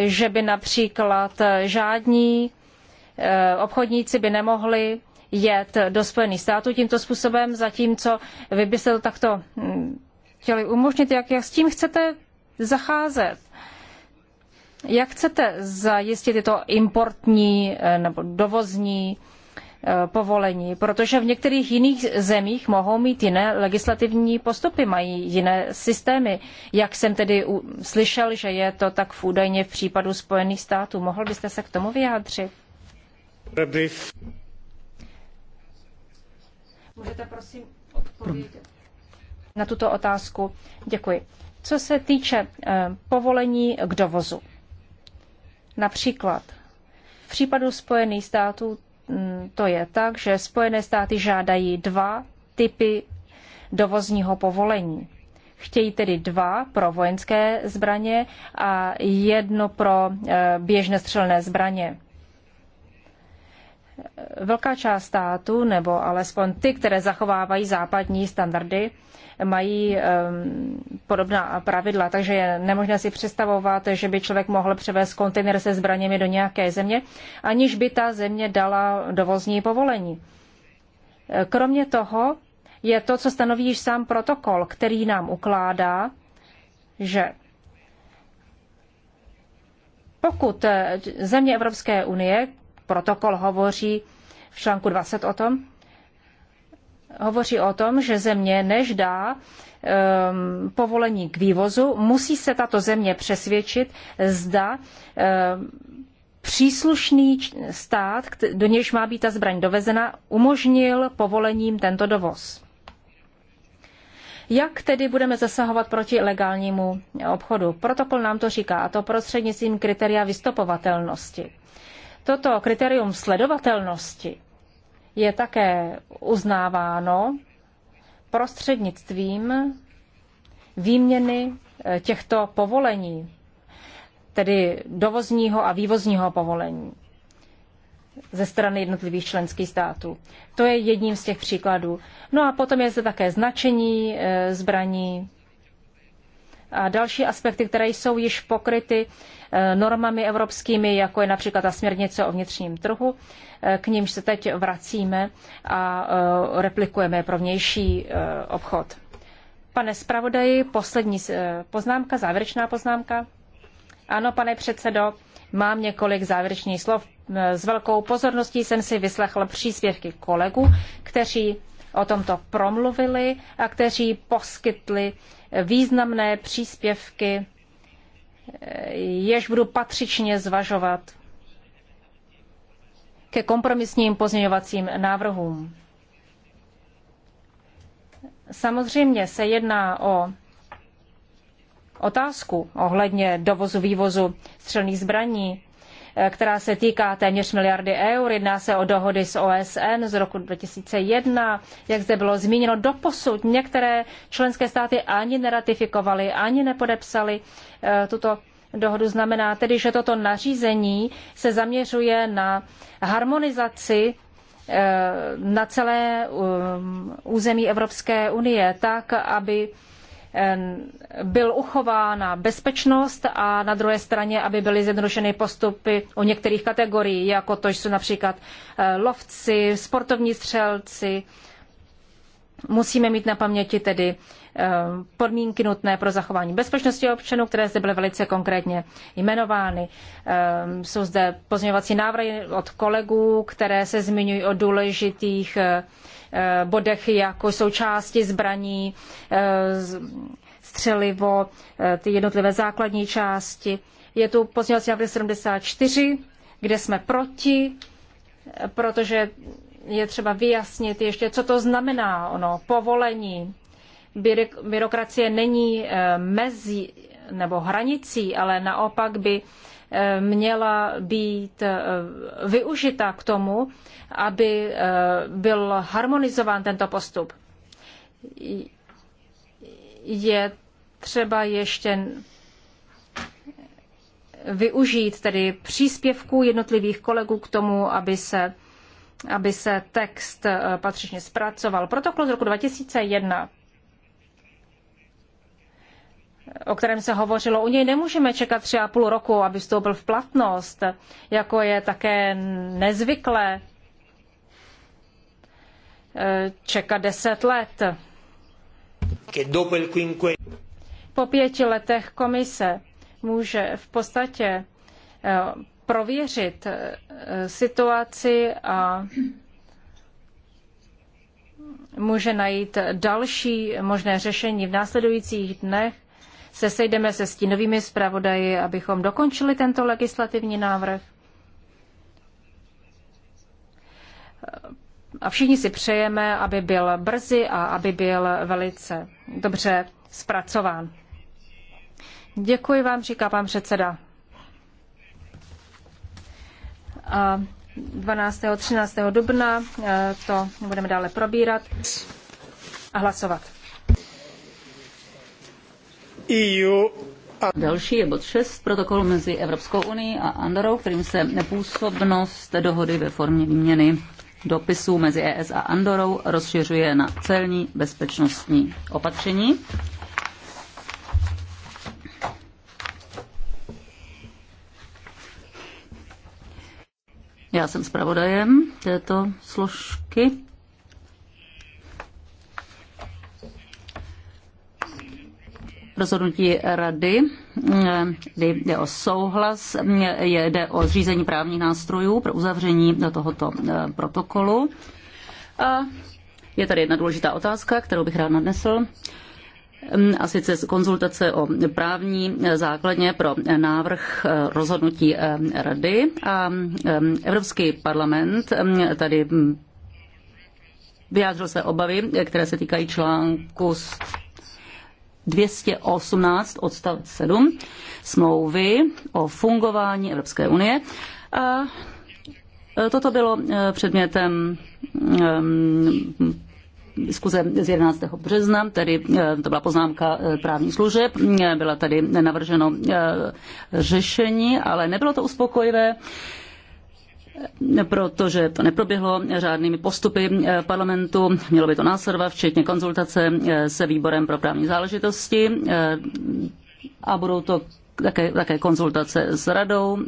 [SPEAKER 1] že by například žádní eh, obchodníci by nemohli jet do Spojených států tímto způsobem, zatímco vy byste to takto hm, chtěli umožnit, jak, jak s tím chcete zacházet. Jak chcete zajistit tyto importní eh, nebo dovozní eh, povolení, protože v některých jiných zemích mohou mít jiné legislativní postupy, mají jiné systémy. Jak jsem tedy slyšel, že je to tak v údajně v případu Spojených států. Mohl byste se k tomu vyjádřit? Můžete prosím
[SPEAKER 2] odpovědět
[SPEAKER 1] na tuto otázku? Děkuji. Co se týče eh, povolení k dovozu. Například v případu Spojených států mm, to je tak, že Spojené státy žádají dva typy dovozního povolení. Chtějí tedy dva pro vojenské zbraně a jedno pro e, běžné střelné zbraně. Velká část států, nebo alespoň ty, které zachovávají západní standardy, mají ehm, podobná pravidla, takže je nemožné si představovat, že by člověk mohl převést kontejner se zbraněmi do nějaké země, aniž by ta země dala dovozní povolení. Eh, kromě toho je to, co stanoví již sám protokol, který nám ukládá, že pokud eh, země Evropské unie, protokol hovoří v článku 20 o tom, hovoří o tom, že země, než dá um, povolení k vývozu, musí se tato země přesvědčit, zda um, příslušný stát, do nějž má být ta zbraň dovezena, umožnil povolením tento dovoz. Jak tedy budeme zasahovat proti legálnímu obchodu? Protokol nám to říká, a to prostřednictvím kritéria vystopovatelnosti. Toto kritérium sledovatelnosti je také uznáváno prostřednictvím výměny eh, těchto povolení, tedy dovozního a vývozního povolení ze strany jednotlivých členských států. To je jedním z těch příkladů. No a potom je zde také značení eh, zbraní a další aspekty, které jsou již pokryty eh, normami evropskými, jako je například ta směrnice o vnitřním trhu, k nímž se teď vracíme a e, replikujeme pro vnější e, obchod. Pane zpravodaji, poslední e, poznámka, závěrečná poznámka. Ano, pane předsedo, mám několik závěrečných slov. S velkou pozorností jsem si vyslechl příspěvky kolegů, kteří o tomto promluvili a kteří poskytli významné příspěvky, jež budu patřičně zvažovat ke kompromisním pozměňovacím návrhům. Samozřejmě se jedná o otázku ohledně dovozu vývozu střelných zbraní, eh, která se týká téměř miliardy eur. Jedná se o dohody s OSN z roku 2001. Jak zde bylo zmíněno, doposud některé členské státy ani neratifikovaly, ani nepodepsaly eh, tuto dohodu znamená tedy, že toto nařízení se zaměřuje na harmonizaci eh, na celé eh, území Evropské unie tak, aby eh, byl uchována bezpečnost a na druhé straně, aby byly zjednodušeny postupy u některých kategorií, jako to jsou například lovci, sportovní střelci. Musíme mít na paměti tedy Eh, podmínky nutné pro zachování bezpečnosti občanů, které zde byly velice konkrétně jmenovány. Eh, jsou zde pozměňovací návrhy od kolegů, které se zmiňují o důležitých eh, bodech, jako jsou části zbraní, střelivo, ty jednotlivé základní části. Je tu pozměňovací návrh 74, kde jsme proti, protože je třeba vyjasnit ještě, co to znamená ono povolení byrokracie není eh, mezi nebo hranicí, ale naopak by eh, měla být eh, využita k tomu, aby byl harmonizován tento postup. Je třeba ještě využít tedy příspěvků jednotlivých kolegů k tomu, aby se, aby se text patřičně zpracoval. Protokol z roku 2001 o kterém se hovořilo, u něj nemůžeme čekat tři a půl roku, aby vstoupil v platnost, jako je také nezvyklé e, čekat deset let. Po pěti letech komise může v podstatě e, prověřit e, situaci a může najít další možné řešení v následujících dnech se sejdeme se stínovými zpravodaji, abychom dokončili tento legislativní návrh. A všichni si přejeme, aby byl brzy a aby byl velice dobře zpracován. Děkuji vám, říká pan předseda. A 12. 13. dubna eh, to budeme dále probírat a hlasovat.
[SPEAKER 2] EU Další je bod 6, protokol mezi Evropskou unii a Andorou, kterým se nepůsobnost dohody ve formě výměny dopisů mezi ES a Andorou rozšiřuje na celní bezpečnostní opatření. Já jsem zpravodajem této složky. rozhodnutí rady, kdy jde o souhlas, jde o zřízení právních nástrojů pro uzavření tohoto eh, protokolu. A je tady jedna důležitá otázka, kterou bych rád nadnesl mm, a sice konzultace o právní eh, základně pro eh, návrh rozhodnutí Rady a Evropský parlament tady mm, vyjádřil se obavy, které se týkají článku 218 odstavec 7 smlouvy o fungování Evropské unie. A e, toto bylo e, předmětem e, diskuze z 11. března, tedy to byla poznámka právních služeb, byla tady navrženo řešení, ale nebylo to uspokojivé protože to neproběhlo řádnými postupy eh, parlamentu. Mělo by to následovat, včetně konzultace eh, se výborem pro právní záležitosti eh, a budou to také, také konzultace s radou.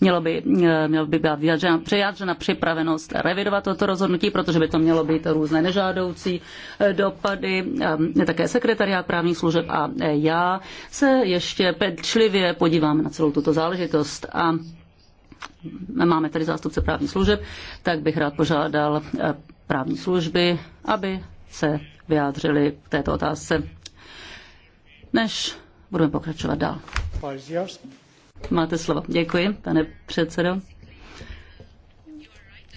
[SPEAKER 2] Mělo by, mělo by být vyjádřena, připravenost revidovat toto rozhodnutí, protože by to mělo být různé nežádoucí dopady. Také sekretariát právních služeb a já se ještě pečlivě podívám na celou tuto záležitost. A máme tady zástupce právních služeb, tak bych rád požádal eh, právní služby, aby se vyjádřili k této otázce, než budeme pokračovat dál. Máte slovo. Děkuji, pane předsedo.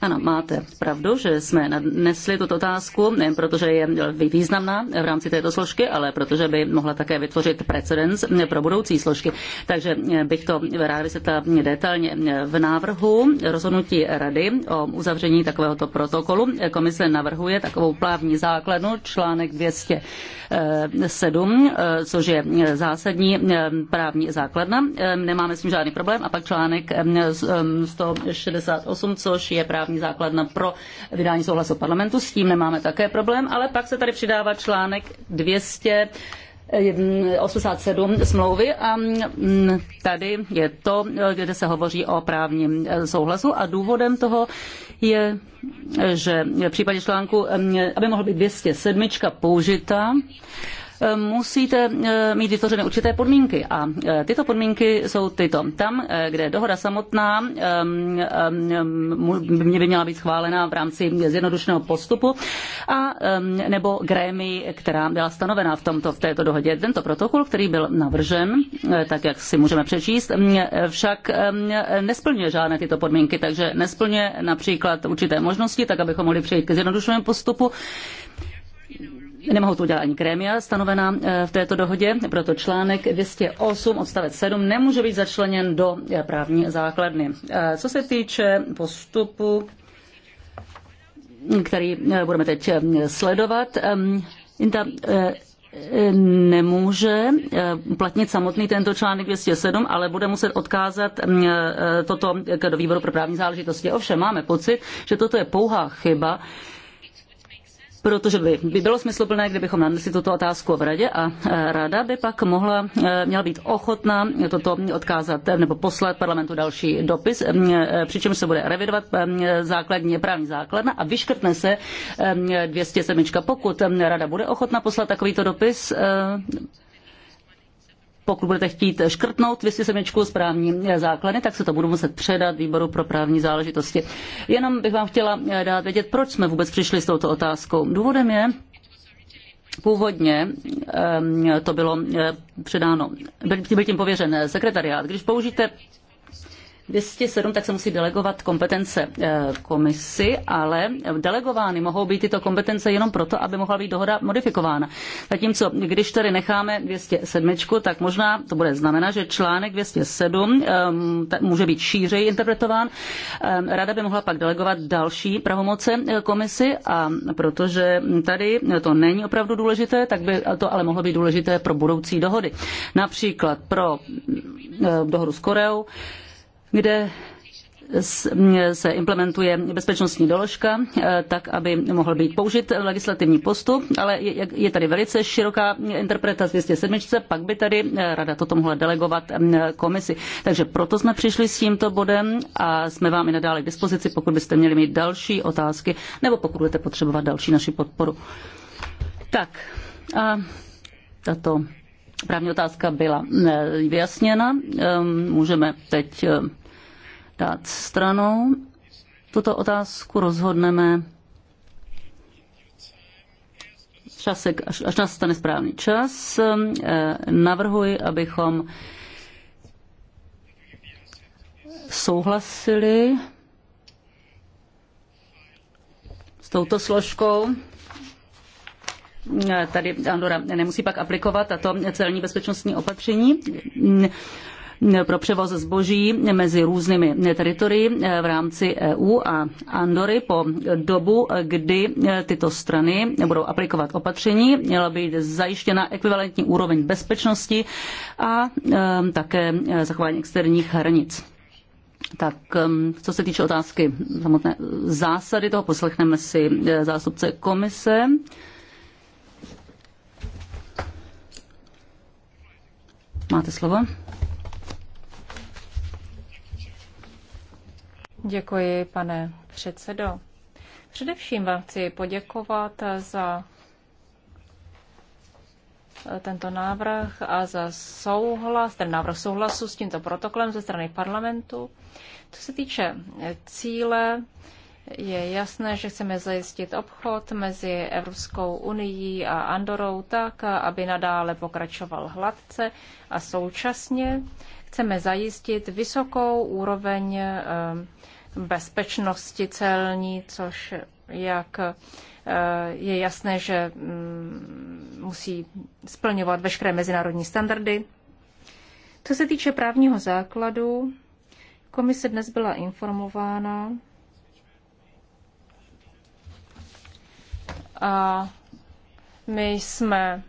[SPEAKER 2] Ano, máte pravdu, že jsme nesli tuto otázku, nejen protože je významná v rámci této složky, ale protože by mohla také vytvořit precedens pro budoucí složky. Takže bych to rád vysvětlila detailně. V návrhu rozhodnutí Rady o uzavření takovéhoto protokolu komise navrhuje takovou právní základnu článek 207, což je zásadní právní základna. Nemáme s tím žádný problém. A pak článek 168, což je právě právní základna pro vydání souhlasu parlamentu, s tím nemáme také problém, ale pak se tady přidává článek 200 87 smlouvy a mm, tady je to, kde se hovoří o právním souhlasu a důvodem toho je, že v případě článku, mm, aby mohla být 207 použita, musíte eh, mít vytvořené určité podmínky. A eh, tyto podmínky jsou tyto. Tam, eh, kde dohoda samotná ehm, ehm, by měla být schválena v rámci zjednodušeného postupu, a ehm, nebo grémy, která byla stanovená v, tomto, v této dohodě. Tento protokol, který byl navržen, tak jak si můžeme přečíst, však nesplňuje žádné tyto podmínky, takže nesplňuje například určité možnosti, tak abychom mohli přejít k zjednodušenému postupu nemohou to udělat ani krémia stanovená eh, v této dohodě, proto článek 208 odstavec 7 nemůže být začleněn do eh, právní základny. Eh, co se týče postupu, mm, který budeme teď sledovat, Inta nemůže platnit samotný tento článek 207, ale bude muset odkázat mm, toto do výboru pro právní záležitosti. Ovšem máme pocit, že toto je pouhá chyba, protože by, by bylo smysluplné, kdybychom nadnesli tuto otázku v radě a e, rada by pak mohla, e, měla být ochotná toto odkázat e, nebo poslat parlamentu další dopis, přičemž se bude revidovat základní právní základna a vyškrtne se 207. Pokud rada bude ochotná poslat takovýto dopis, pokud budete chtít škrtnout 207 z právní základny, tak se to budu muset předat výboru pro právní záležitosti. Jenom bych vám chtěla eh, dát vědět, proč jsme vůbec přišli s touto otázkou. Důvodem je, Původně ehm, to bylo eh, předáno, byl tím pověřen sekretariát. Když použijete 207, tak se musí delegovat kompetence eh, komisi, ale delegovány mohou být tyto kompetence jenom proto, aby mohla být dohoda modifikována. Zatímco, když tady necháme 207, tak možná to bude znamenat, že článek 207 eh, může být šířeji interpretován. Eh, rada by mohla pak delegovat další pravomoce komisi a protože tady to není opravdu důležité, tak by to ale mohlo být důležité pro budoucí dohody. Například pro dohodu s Koreou, kde se implementuje bezpečnostní doložka, eh, tak aby mohl být použit legislativní postup, ale je tady velice široká interpretace 207, pak by tady eh, rada toto mohla delegovat eh, komisi. Takže proto jsme přišli s tímto bodem a jsme vám i nadále k dispozici, pokud byste měli mít další otázky nebo pokud budete potřebovat další naši podporu. Tak a tato právní otázka byla vyjasněna. Ehm, můžeme teď dát stranou. Tuto otázku rozhodneme čase, až, až nastane správný čas. Eh, navrhuji, abychom souhlasili s touto složkou eh, tady Andora nemusí pak aplikovat tato celní bezpečnostní opatření pro převoz zboží mezi různými teritorii v rámci EU a Andory po dobu, kdy tyto strany budou aplikovat opatření. Měla být zajištěna ekvivalentní úroveň bezpečnosti a ehm, také eh, zachování externích hranic. Tak ehm, co se týče otázky samotné zásady, toho poslechneme si eh, zástupce komise. Máte slovo.
[SPEAKER 1] Děkuji, pane předsedo. Především vám chci poděkovat za tento návrh a za souhlas, ten návrh souhlasu s tímto protokolem ze strany parlamentu. Co se týče cíle, je jasné, že chceme zajistit obchod mezi Evropskou unii a Andorou tak, aby nadále pokračoval hladce a současně chceme zajistit vysokou úroveň eh, bezpečnosti celní, což jak eh, je jasné, že mm, musí splňovat veškeré mezinárodní standardy. Co se týče právního základu, komise dnes byla informována a my jsme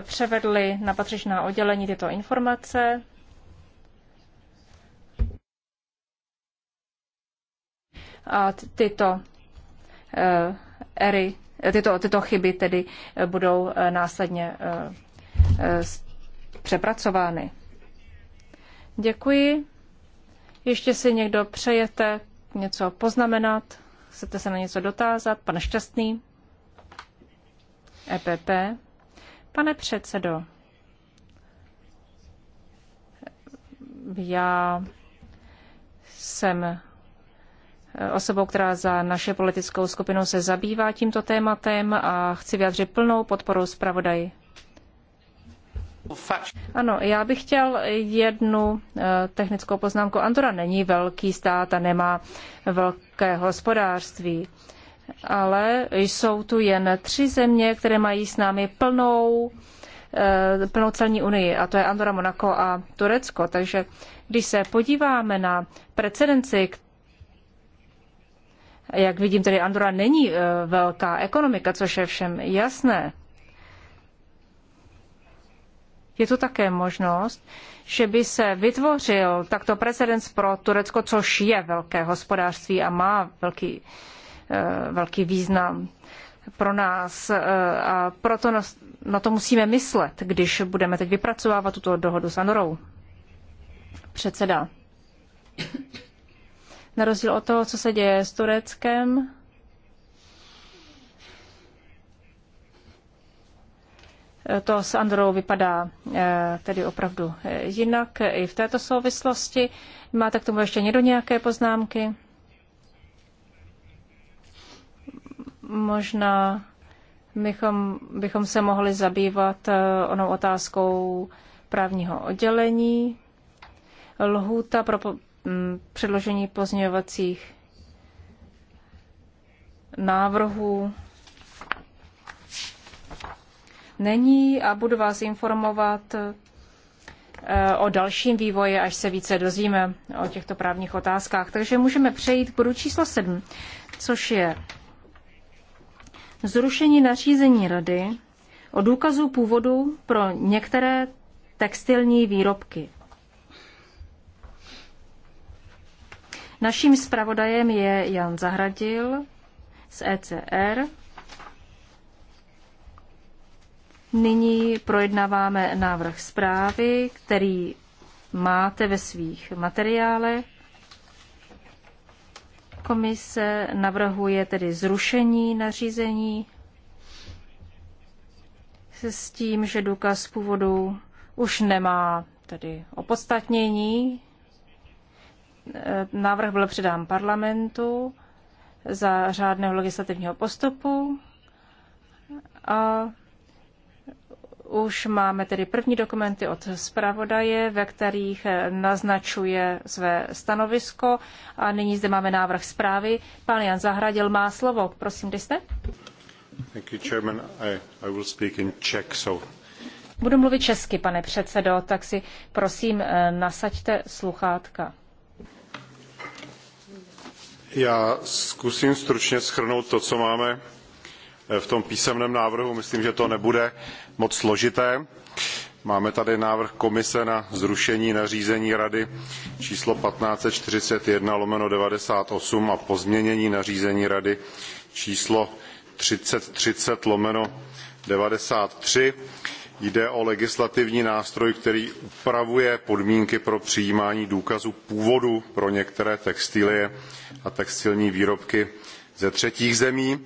[SPEAKER 1] převedli na patřičná oddělení tyto informace a tyto eh, ery, tyto, tyto chyby tedy eh, budou eh, následně přepracovány. Děkuji. Ještě si někdo přejete něco poznamenat? Chcete se na něco dotázat? pane Šťastný? EPP? Pane předsedo, já jsem osobou, která za naše politickou skupinu se zabývá tímto tématem a chci vyjádřit plnou podporu zpravodaji. Ano, já bych chtěl jednu eh, technickou poznámku. Andora není velký stát a nemá velké hospodářství, ale jsou tu jen tři země, které mají s námi plnou eh, plnou celní unii, a to je Andora, Monako a Turecko. Takže když se podíváme na precedenci, jak vidím, tedy Andora není e, velká ekonomika, což je všem jasné. Je to také možnost, že by se vytvořil takto precedens pro Turecko, což je velké hospodářství a má velký, e, velký význam pro nás. E, a proto na to musíme myslet, když budeme teď vypracovávat tuto dohodu s Andorou. Předseda na rozdíl od toho, co se děje s Tureckem, To s Androu vypadá eh, tedy opravdu eh, jinak eh, i v této souvislosti. Máte k tomu ještě někdo nějaké poznámky? Možná bychom, bychom se mohli zabývat onou otázkou právního oddělení. Lhůta pro Mm, předložení pozměňovacích návrhů není a budu vás informovat eh, o dalším vývoji, až se více dozvíme o těchto právních otázkách. Takže můžeme přejít k bodu číslo 7, což je zrušení nařízení Rady o důkazu původu pro některé textilní výrobky. Naším zpravodajem je Jan Zahradil z ECR. Nyní projednáváme návrh zprávy, který máte ve svých materiálech. Komise navrhuje tedy zrušení nařízení s tím, že důkaz původu už nemá tedy opodstatnění, návrh byl předán parlamentu za řádného legislativního postupu a už máme tedy první dokumenty od zpravodaje, ve kterých naznačuje své stanovisko. A nyní zde máme návrh zprávy. Pán Jan Zahradil má slovo. Prosím, kde jste?
[SPEAKER 4] Thank you, Chairman. I, I will speak in Czech, so...
[SPEAKER 1] Budu mluvit česky, pane předsedo, tak si prosím eh, nasaďte sluchátka.
[SPEAKER 4] Já zkusím stručně schrnout to, co máme eh, v tom písemném návrhu. Myslím, že to nebude moc složité. Máme tady návrh komise na zrušení nařízení rady číslo 1541 lomeno 98 a pozměnění nařízení rady číslo 3030 lomeno 93 Jde o legislativní nástroj, který upravuje podmínky pro přijímání důkazu původu pro některé textilie a textilní výrobky ze třetích zemí,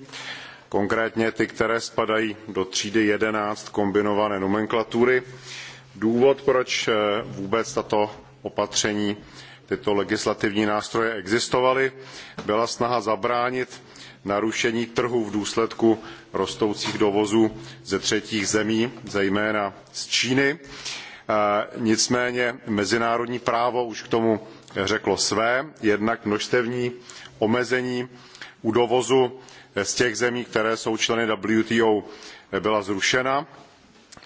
[SPEAKER 4] konkrétně ty, které spadají do třídy 11 kombinované nomenklatury. Důvod, proč eh, vůbec tato opatření tyto legislativní nástroje existovaly byla snaha zabránit narušení trhu v důsledku rostoucích dovozů ze třetích zemí, zejména z Číny. E, nicméně mezinárodní právo už k tomu řeklo své, jednak množstevní omezení u dovozu z těch zemí, které jsou členy WTO, byla zrušena.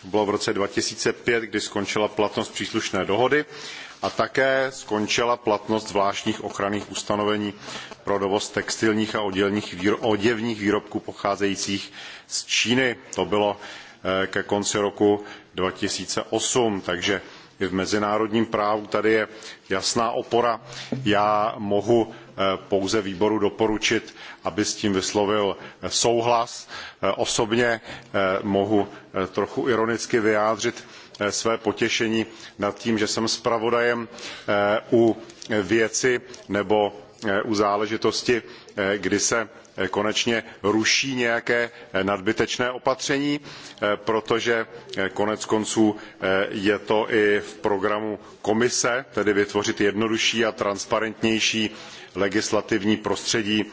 [SPEAKER 4] Bylo v roce 2005, kdy skončila platnost příslušné dohody a také skončila platnost zvláštních ochranných ustanovení pro dovoz textilních a oděvních výrobků pocházejících z Číny. To bylo eh, ke konci roku 2008, takže i v mezinárodním právu tady je jasná opora. Já mohu eh, pouze výboru doporučit, aby s tím vyslovil eh, souhlas. Osobně mohu trochu ironicky vyjádřit Eh, své potěšení nad tím, že jsem zpravodajem eh, u věci nebo eh, u záležitosti, kdy se konečně ruší nějaké nadbytečné opatření, protože konec konců je to i v programu komise, tedy vytvořit jednodušší a transparentnější legislativní prostředí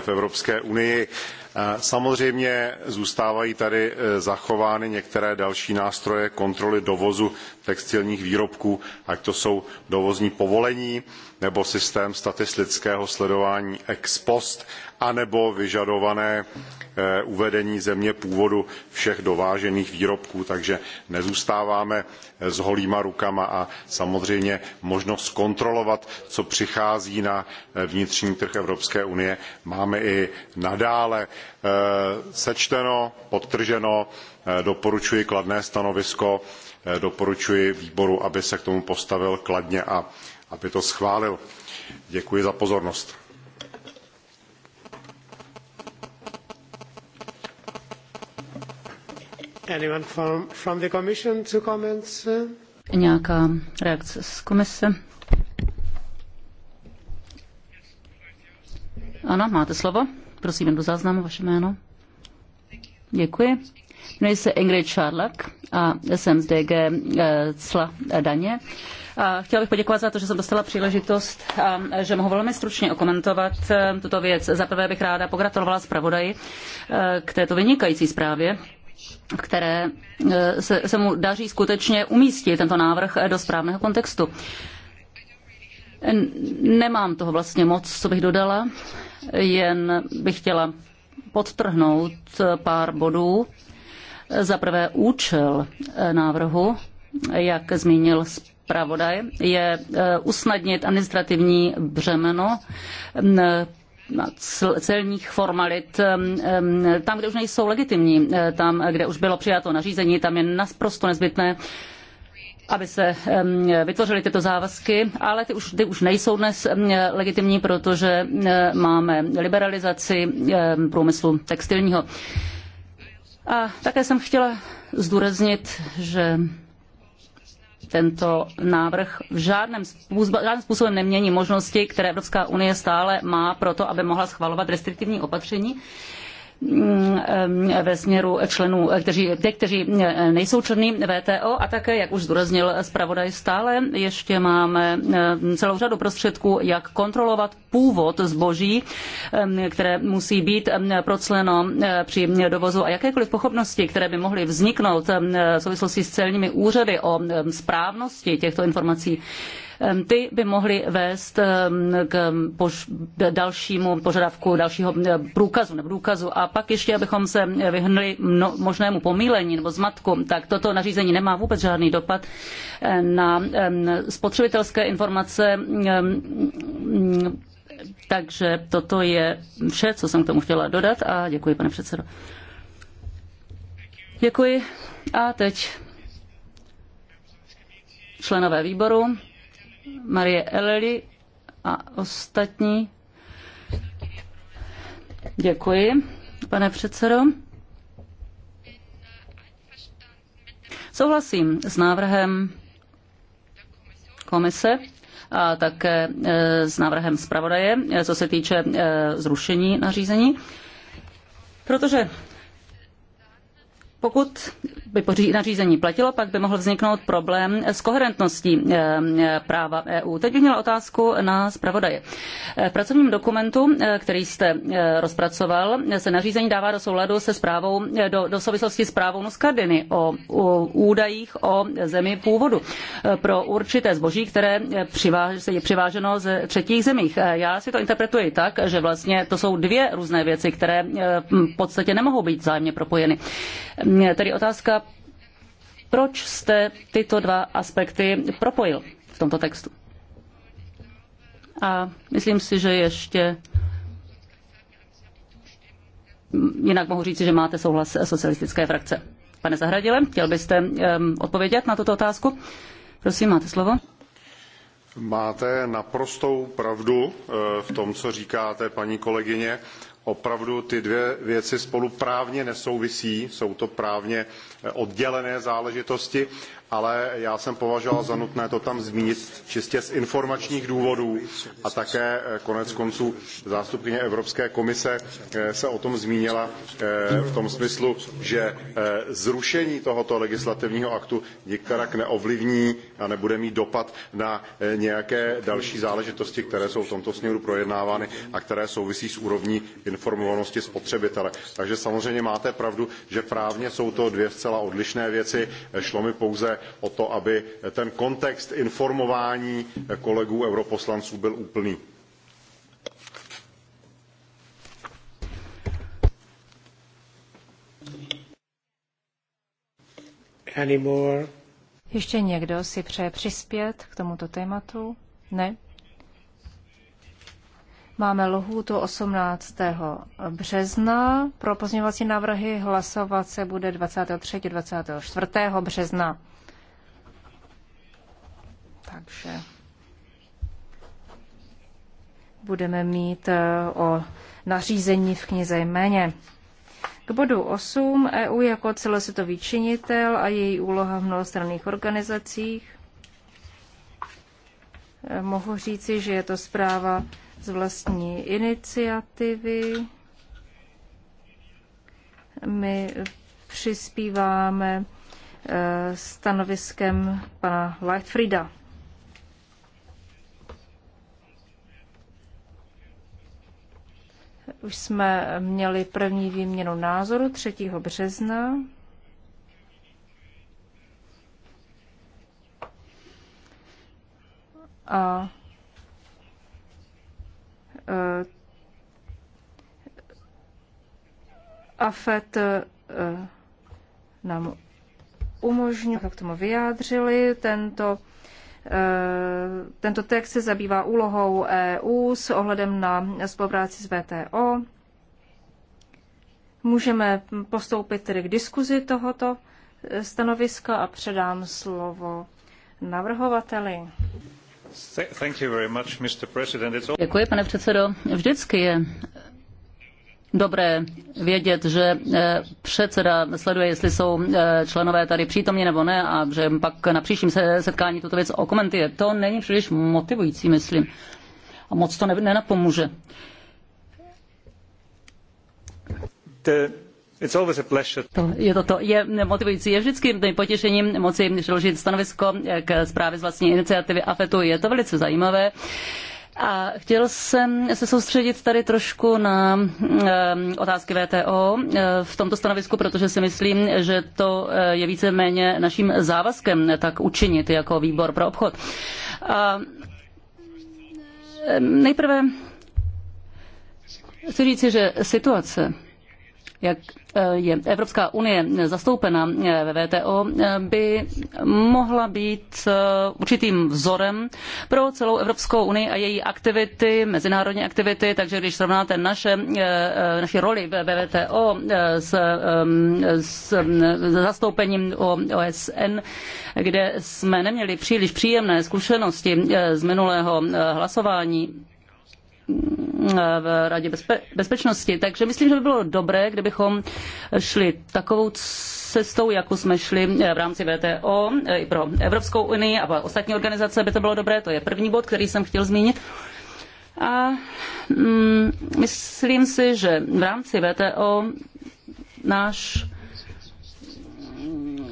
[SPEAKER 4] v Evropské unii. Eh, samozřejmě zůstávají tady eh, zachovány některé další nástroje kontroly dovozu textilních výrobků, ať to jsou dovozní povolení, nebo systém statistického sledování ex post, anebo vyžadované eh, uvedení země původu všech dovážených výrobků, takže nezůstáváme eh, s holýma rukama a samozřejmě možnost kontrolovat, co přichází na eh, vnitřní trh Evropské unie, máme i nadále sečteno, podtrženo, doporučuji kladné stanovisko, doporučuji výboru, aby se k tomu postavil kladně a aby to schválil. Děkuji za pozornost.
[SPEAKER 3] Anyone from, from the commission to comments?
[SPEAKER 2] Nějaká reakce z komise? Ano, máte slovo. Prosím, do záznamu vaše jméno. Děkuji. Jmenuji se Ingrid Šarlak a jsem z DG eh, Cla daně. A chtěla bych poděkovat za to, že jsem dostala příležitost a že mohu velmi stručně okomentovat eh, tuto věc. Za prvé bych ráda pogratulovala zpravodaji eh, k této vynikající zprávě které se, se mu daří skutečně umístit tento návrh do správného kontextu. Nemám toho vlastně moc, co bych dodala, jen bych chtěla podtrhnout pár bodů, za prvé účel eh, návrhu, jak zmínil zpravodaj, je eh, usnadnit administrativní břemeno mm, eh, celních formalit mm, mm, tam, kde už nejsou legitimní, tam, kde už bylo přijato nařízení, tam je naprosto nezbytné aby se vytvořily tyto závazky, ale ty už, ty už nejsou dnes legitimní, protože máme liberalizaci průmyslu textilního. A také jsem chtěla zdůraznit, že tento návrh v žádném, způsob, žádným způsobem nemění možnosti, které Evropská unie stále má pro to, aby mohla schvalovat restriktivní opatření, Mm, ve směru členů, kteří, tě, kteří mm, nejsou členy VTO a také, jak už zdůraznil zpravodaj stále, ještě máme mm, celou řadu prostředků, jak kontrolovat původ zboží, které musí být procleno při dovozu a jakékoliv pochopnosti, které by mohly vzniknout v souvislosti s celními úřady o správnosti těchto informací ty by mohly vést k dalšímu požadavku dalšího průkazu nebo důkazu. A pak ještě, abychom se vyhnuli možnému pomílení nebo zmatku, tak toto nařízení nemá vůbec žádný dopad e, na spotřebitelské informace takže toto je vše, co jsem k tomu chtěla dodat a děkuji, pane předsedo. Děkuji. A teď členové výboru. Marie Eleli a ostatní. Děkuji, pane předsedo. Souhlasím s návrhem komise a také e, s návrhem zpravodaje, e, co se týče e, zrušení nařízení, protože pokud by nařízení platilo, pak by mohl vzniknout problém s koherentností eh, eh, práva EU. Teď bych měla otázku na zpravodaje. Eh, v pracovním dokumentu, který jste rozpracoval, se nařízení dává do souladu se zprávou, do, do souvislosti s právou Nuskardiny o, o údajích o zemi původu pro určité zboží, které přiváž, je přiváženo ze třetích zemích. Já si to interpretuji tak, že vlastně to jsou dvě různé věci, které v podstatě nemohou být vzájemně propojeny. Ehm, tedy otázka, proč jste tyto dva aspekty propojil v tomto textu. A myslím si, že ještě jinak mohu říci, že máte souhlas socialistické frakce. Pane Zahradile, chtěl byste um, odpovědět na tuto otázku? Prosím, máte slovo.
[SPEAKER 4] Máte naprostou pravdu eh, v tom, co říkáte, paní kolegyně opravdu ty dvě věci spolu právně nesouvisí, jsou to právně oddělené záležitosti, ale já jsem považoval za nutné to tam zmínit čistě z informačních důvodů a také eh, konec konců zástupkyně Evropské komise eh, se o tom zmínila eh, v tom smyslu, že zrušení tohoto legislativního aktu nikterak neovlivní a nebude mít dopad na nějaké další záležitosti, které jsou v tomto směru projednávány a které souvisí s úrovní informovanosti spotřebitele. Takže samozřejmě máte pravdu, že právně jsou to dvě zcela říkala odlišné věci. Šlo mi pouze o to, aby ten kontext informování kolegů europoslanců byl úplný.
[SPEAKER 3] Anymore.
[SPEAKER 1] Ještě někdo si přeje přispět k tomuto tématu? Ne? Máme lhůtu 18. března. Pro pozměňovací návrhy hlasovat se bude 23. 24. března. Takže budeme mít eh, o nařízení v knize jméně. K bodu 8 EU jako celosvětový činitel a její úloha v mnohostranných organizacích. Eh, mohu říci, že je to zpráva z vlastní iniciativy. My přispíváme eh, stanoviskem pana Leifrida. Už jsme měli první výměnu názoru 3. března. A Eh, AFET eh, nám umožňuje, jak tomu vyjádřili, tento eh, tento text se zabývá úlohou EU s ohledem na spolupráci s VTO. Můžeme postoupit tedy k diskuzi tohoto stanoviska a předám slovo navrhovateli.
[SPEAKER 4] Děkuji, pane
[SPEAKER 2] předsedo. Vždycky je dobré vědět, že eh, předseda sleduje, jestli jsou eh, členové tady přítomní nebo ne a že pak na příštím setkání tuto věc okomentuje. To není příliš motivující, myslím. A moc to nenapomůže.
[SPEAKER 3] The to,
[SPEAKER 2] je, to, to je motivující. Je vždycky potěšením moci přiložit stanovisko k zprávě z vlastní iniciativy AFETu. Je to velice zajímavé. A chtěl jsem se soustředit tady trošku na eh, otázky VTO eh, v tomto stanovisku, protože si myslím, že to eh, je víceméně naším závazkem tak učinit jako výbor pro obchod. A nejprve chci říci, že situace jak eh, je Evropská unie zastoupena eh, ve VTO, eh, by mohla být určitým vzorem pro celou Evropskou unii a její aktivity, mezinárodní aktivity, takže když srovnáte naše, naši roli ve VTO s, s zastoupením OSN, kde jsme neměli příliš příjemné zkušenosti z minulého hlasování, Mm, v Radě bezpe- bezpečnosti. Takže myslím, že by bylo dobré, kdybychom šli takovou cestou, jakou jsme šli eh, v rámci VTO eh, i pro Evropskou unii a ostatní organizace by to bylo dobré. To je první bod, který jsem chtěl zmínit. A mm, myslím si, že v rámci VTO náš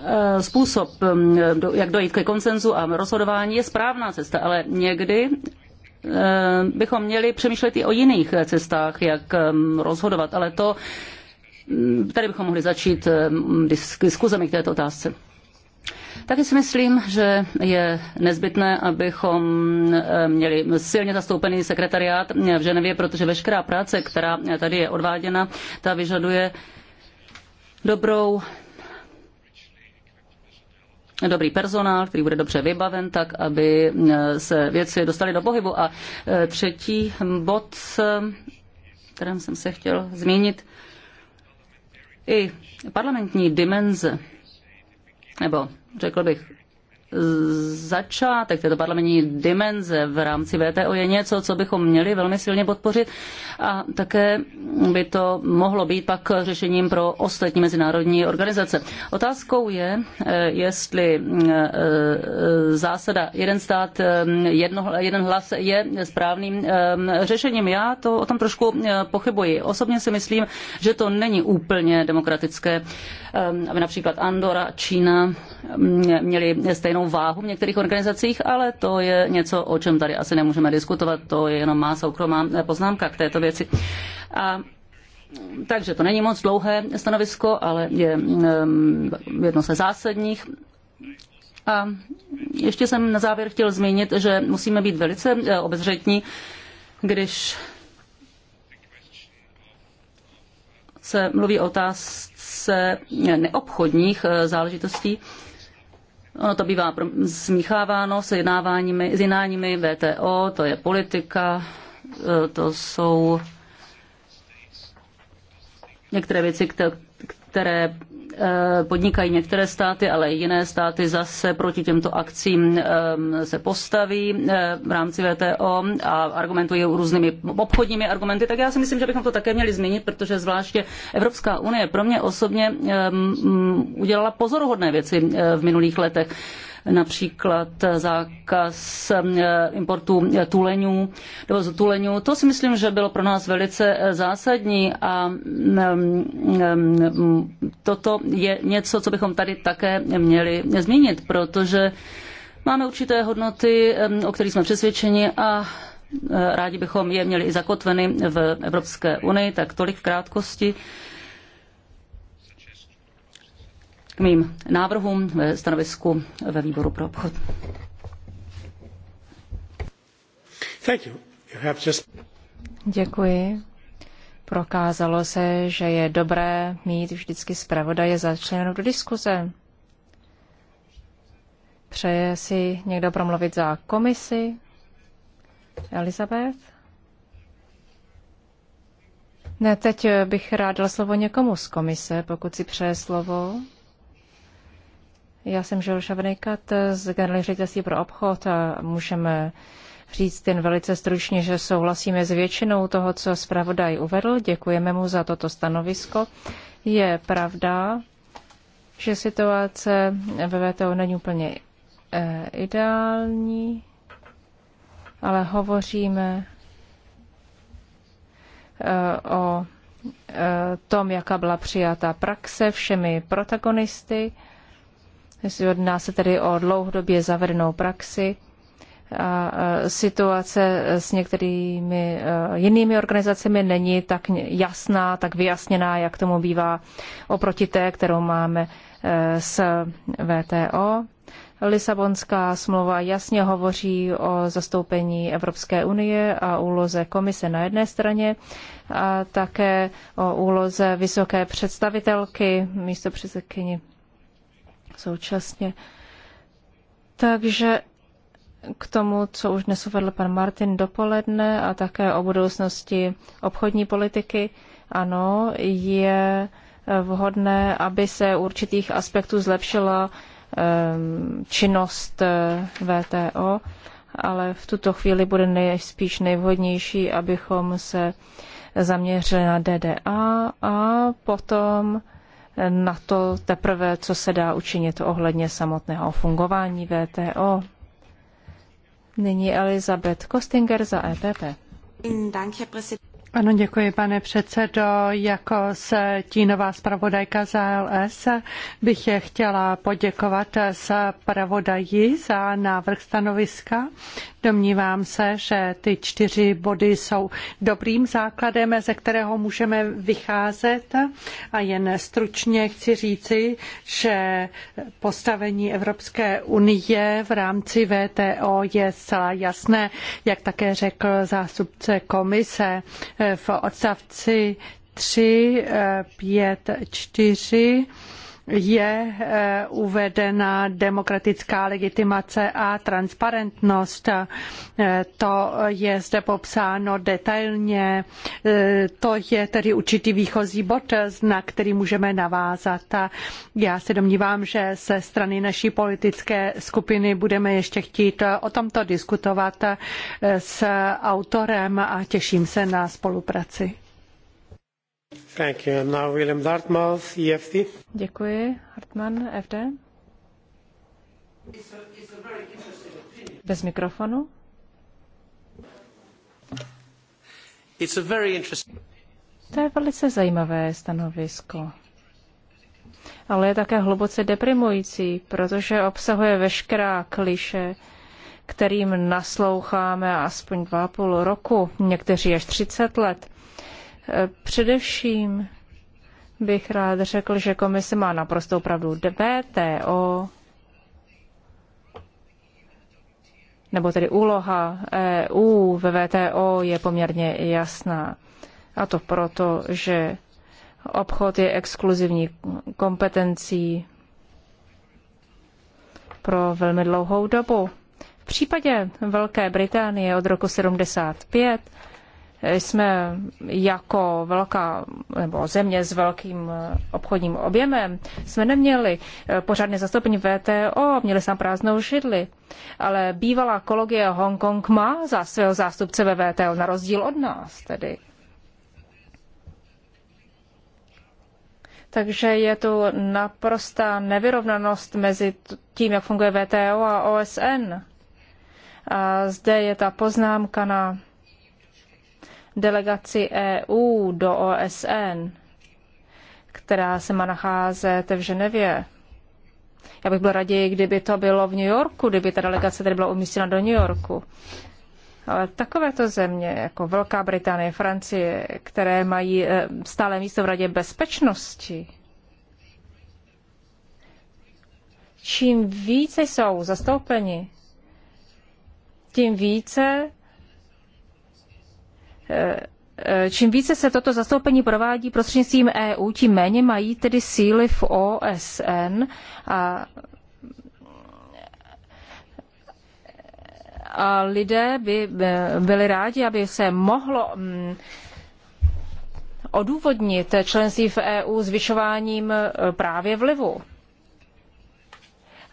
[SPEAKER 2] eh, způsob, mm, jak dojít ke konsenzu a rozhodování, je správná cesta, ale někdy Eh, bychom měli přemýšlet i o jiných cestách, jak rozhodovat, ale to mm, tady bychom mohli začít diskuzemi k této otázce. Taky si myslím, že je nezbytné, abychom eh, měli silně zastoupený sekretariát v Ženevě, protože veškerá práce, která tady je odváděna, ta vyžaduje dobrou dobrý personál, který bude dobře vybaven, tak aby e, se věci dostaly do pohybu. A e, třetí bod, e, kterém jsem se chtěl zmínit, i parlamentní dimenze, nebo řekl bych začátek této parlamentní dimenze v rámci VTO je něco, co bychom měli velmi silně podpořit a také by to mohlo být pak řešením pro ostatní mezinárodní organizace. Otázkou je, eh, jestli eh, zásada jeden stát, eh, jedno, jeden hlas je správným řešením. Já to o tom trošku pochybuji. Osobně si myslím, že to není úplně demokratické, aby například Andora, Čína mm, měli stejnou významnou váhu v některých organizacích, ale to je něco, o čem tady asi nemůžeme diskutovat, to je jenom má soukromá eh, poznámka k této věci. A takže to není moc dlouhé stanovisko, ale je eh, jedno ze zásadních. A ještě jsem na závěr chtěl zmínit, že musíme být velice eh, obezřetní, když se mluví o otázce neobchodních záležitostí. Ono to bývá smícháváno s jednáváními, s jednáními VTO, to je politika, e, to jsou některé věci, které Eh, podnikají některé státy, ale jiné státy zase proti těmto akcím eh, se postaví eh, v rámci VTO a argumentují různými obchodními argumenty, tak já si myslím, že bychom to také měli změnit, protože zvláště Evropská unie pro mě osobně udělala pozoruhodné věci v minulých letech například zákaz eh, importu tuleňů, dovozu tuleňů. To si myslím, že bylo pro nás velice eh, zásadní a mm, mm, toto je něco, co bychom tady také měli zmínit, protože máme určité hodnoty, mm, o kterých jsme přesvědčeni a eh, rádi bychom je měli i zakotveny v Evropské unii, tak tolik v krátkosti k mým návrhům ve stanovisku ve výboru pro obchod.
[SPEAKER 3] Thank you. You have just...
[SPEAKER 2] Děkuji. Prokázalo se,
[SPEAKER 1] že je dobré mít vždycky zpravodaje začlenou do diskuze. Přeje si někdo promluvit za komisi? Elizabeth? Ne, teď bych rád dal slovo někomu z komise, pokud si přeje slovo. Já jsem Žil Šavnejkat z Generální ředitelství pro obchod a můžeme říct jen velice stručně, že souhlasíme s většinou toho, co zpravodaj uvedl. Děkujeme mu za toto stanovisko. Je pravda, že situace ve VTO není úplně e, ideální, ale hovoříme e, o e, tom, jaká byla přijata praxe všemi protagonisty. Jedná se tedy o dlouhodobě zavedenou praxi. A situace s některými jinými organizacemi není tak jasná, tak vyjasněná, jak tomu bývá oproti té, kterou máme e, s VTO. Lisabonská smlouva jasně hovoří o zastoupení Evropské unie a úloze komise na jedné straně a také o úloze vysoké představitelky místo předsedkyni současně. Takže k tomu, co už dnes uvedl pan Martin dopoledne a také o budoucnosti obchodní politiky, ano, je eh, vhodné, aby se určitých aspektů zlepšila ehm, činnost eh, VTO, ale v tuto chvíli bude nejspíš nejvhodnější, abychom se zaměřili na DDA a potom na to teprve, co se dá učinit ohledně
[SPEAKER 5] samotného fungování VTO. Nyní Elizabeth Kostinger za EPP. Ano, děkuji, pane předsedo. Jako stínová zpravodajka za LS bych je chtěla poděkovat zpravodaji za návrh stanoviska. Domnívám se, že ty čtyři body jsou dobrým základem, ze kterého můžeme vycházet. A jen stručně chci říci, že postavení Evropské unie v rámci VTO je zcela jasné, jak také řekl zástupce komise v odstavci 3, 5, 4 je eh, uvedena demokratická legitimace a transparentnost. Eh, to je zde popsáno detailně. Eh, to je tedy určitý výchozí bod, na který můžeme navázat. Já se domnívám, že se strany naší politické skupiny budeme ještě chtít o tomto diskutovat s autorem a těším se na spolupráci.
[SPEAKER 3] Thank you. Now William Dartmouth, EFT.
[SPEAKER 5] Děkuji. Hartmann, e FD.
[SPEAKER 1] Bez mikrofonu.
[SPEAKER 3] It's a very
[SPEAKER 1] To je velice zajímavé stanovisko. Ale je také hluboce deprimující, protože obsahuje veškerá kliše, kterým nasloucháme aspoň dva půl roku, někteří až 30 let. Především bych rád řekl, že komise má naprostou pravdu. VTO, nebo tedy úloha EU ve VTO je poměrně jasná. A to proto, že obchod je exkluzivní kompetencí pro velmi dlouhou dobu. V případě Velké Británie od roku 75 jsme jako velká nebo země s velkým eh, obchodním objemem, jsme neměli eh, pořádné zastoupení VTO, měli jsme prázdnou židli. Ale bývalá kologie Hongkong má za svého zástupce ve VTO, na rozdíl od nás tedy. Takže je tu naprostá nevyrovnanost mezi tím, jak funguje VTO a OSN. A zde je ta poznámka na delegaci EU do OSN, která se má nacházet v Ženevě. Já bych byl raději, kdyby to bylo v New Yorku, kdyby ta delegace tady byla umístěna do New Yorku. Ale takovéto země, jako Velká Británie, Francie, které mají eh, stále místo v Radě bezpečnosti, čím více jsou zastoupeni, tím více Eh, eh, čím více se toto zastoupení provádí prostřednictvím EU, tím méně mají tedy síly v OSN a a lidé by eh, byli rádi, aby se mohlo mm, odůvodnit členství v EU zvyšováním právě vlivu.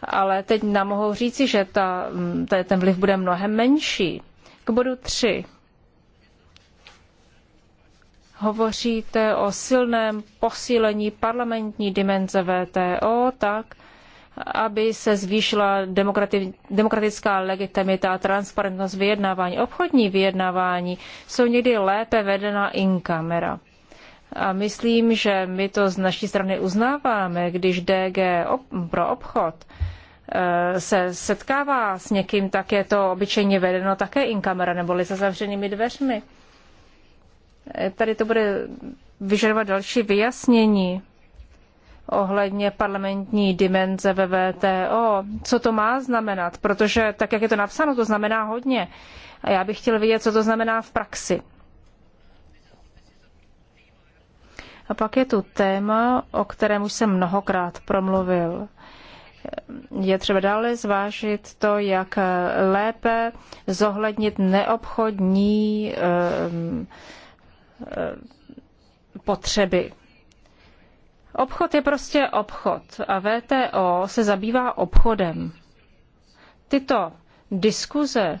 [SPEAKER 1] Ale teď nám mohou říci, že ta, mm, ten vliv bude mnohem menší. K bodu 3 hovoříte o silném posílení parlamentní dimenze VTO tak, aby se zvýšila demokratická legitimita a transparentnost vyjednávání. Obchodní vyjednávání jsou někdy lépe vedena in camera. A myslím, že my to z naší strany uznáváme, když DG pro obchod eh, se setkává s někým, tak je to obyčejně vedeno také in camera neboli za zavřenými dveřmi. Tady to bude vyžadovat další vyjasnění ohledně parlamentní dimenze ve VTO. Co to má znamenat? Protože tak, jak je to napsáno, to znamená hodně. A já bych chtěl vědět, co to znamená v praxi. A pak je tu téma, o kterém už jsem mnohokrát promluvil. Je třeba dále zvážit to, jak lépe zohlednit neobchodní eh, Eh, potřeby. Obchod je prostě obchod a VTO se zabývá obchodem. Tyto diskuze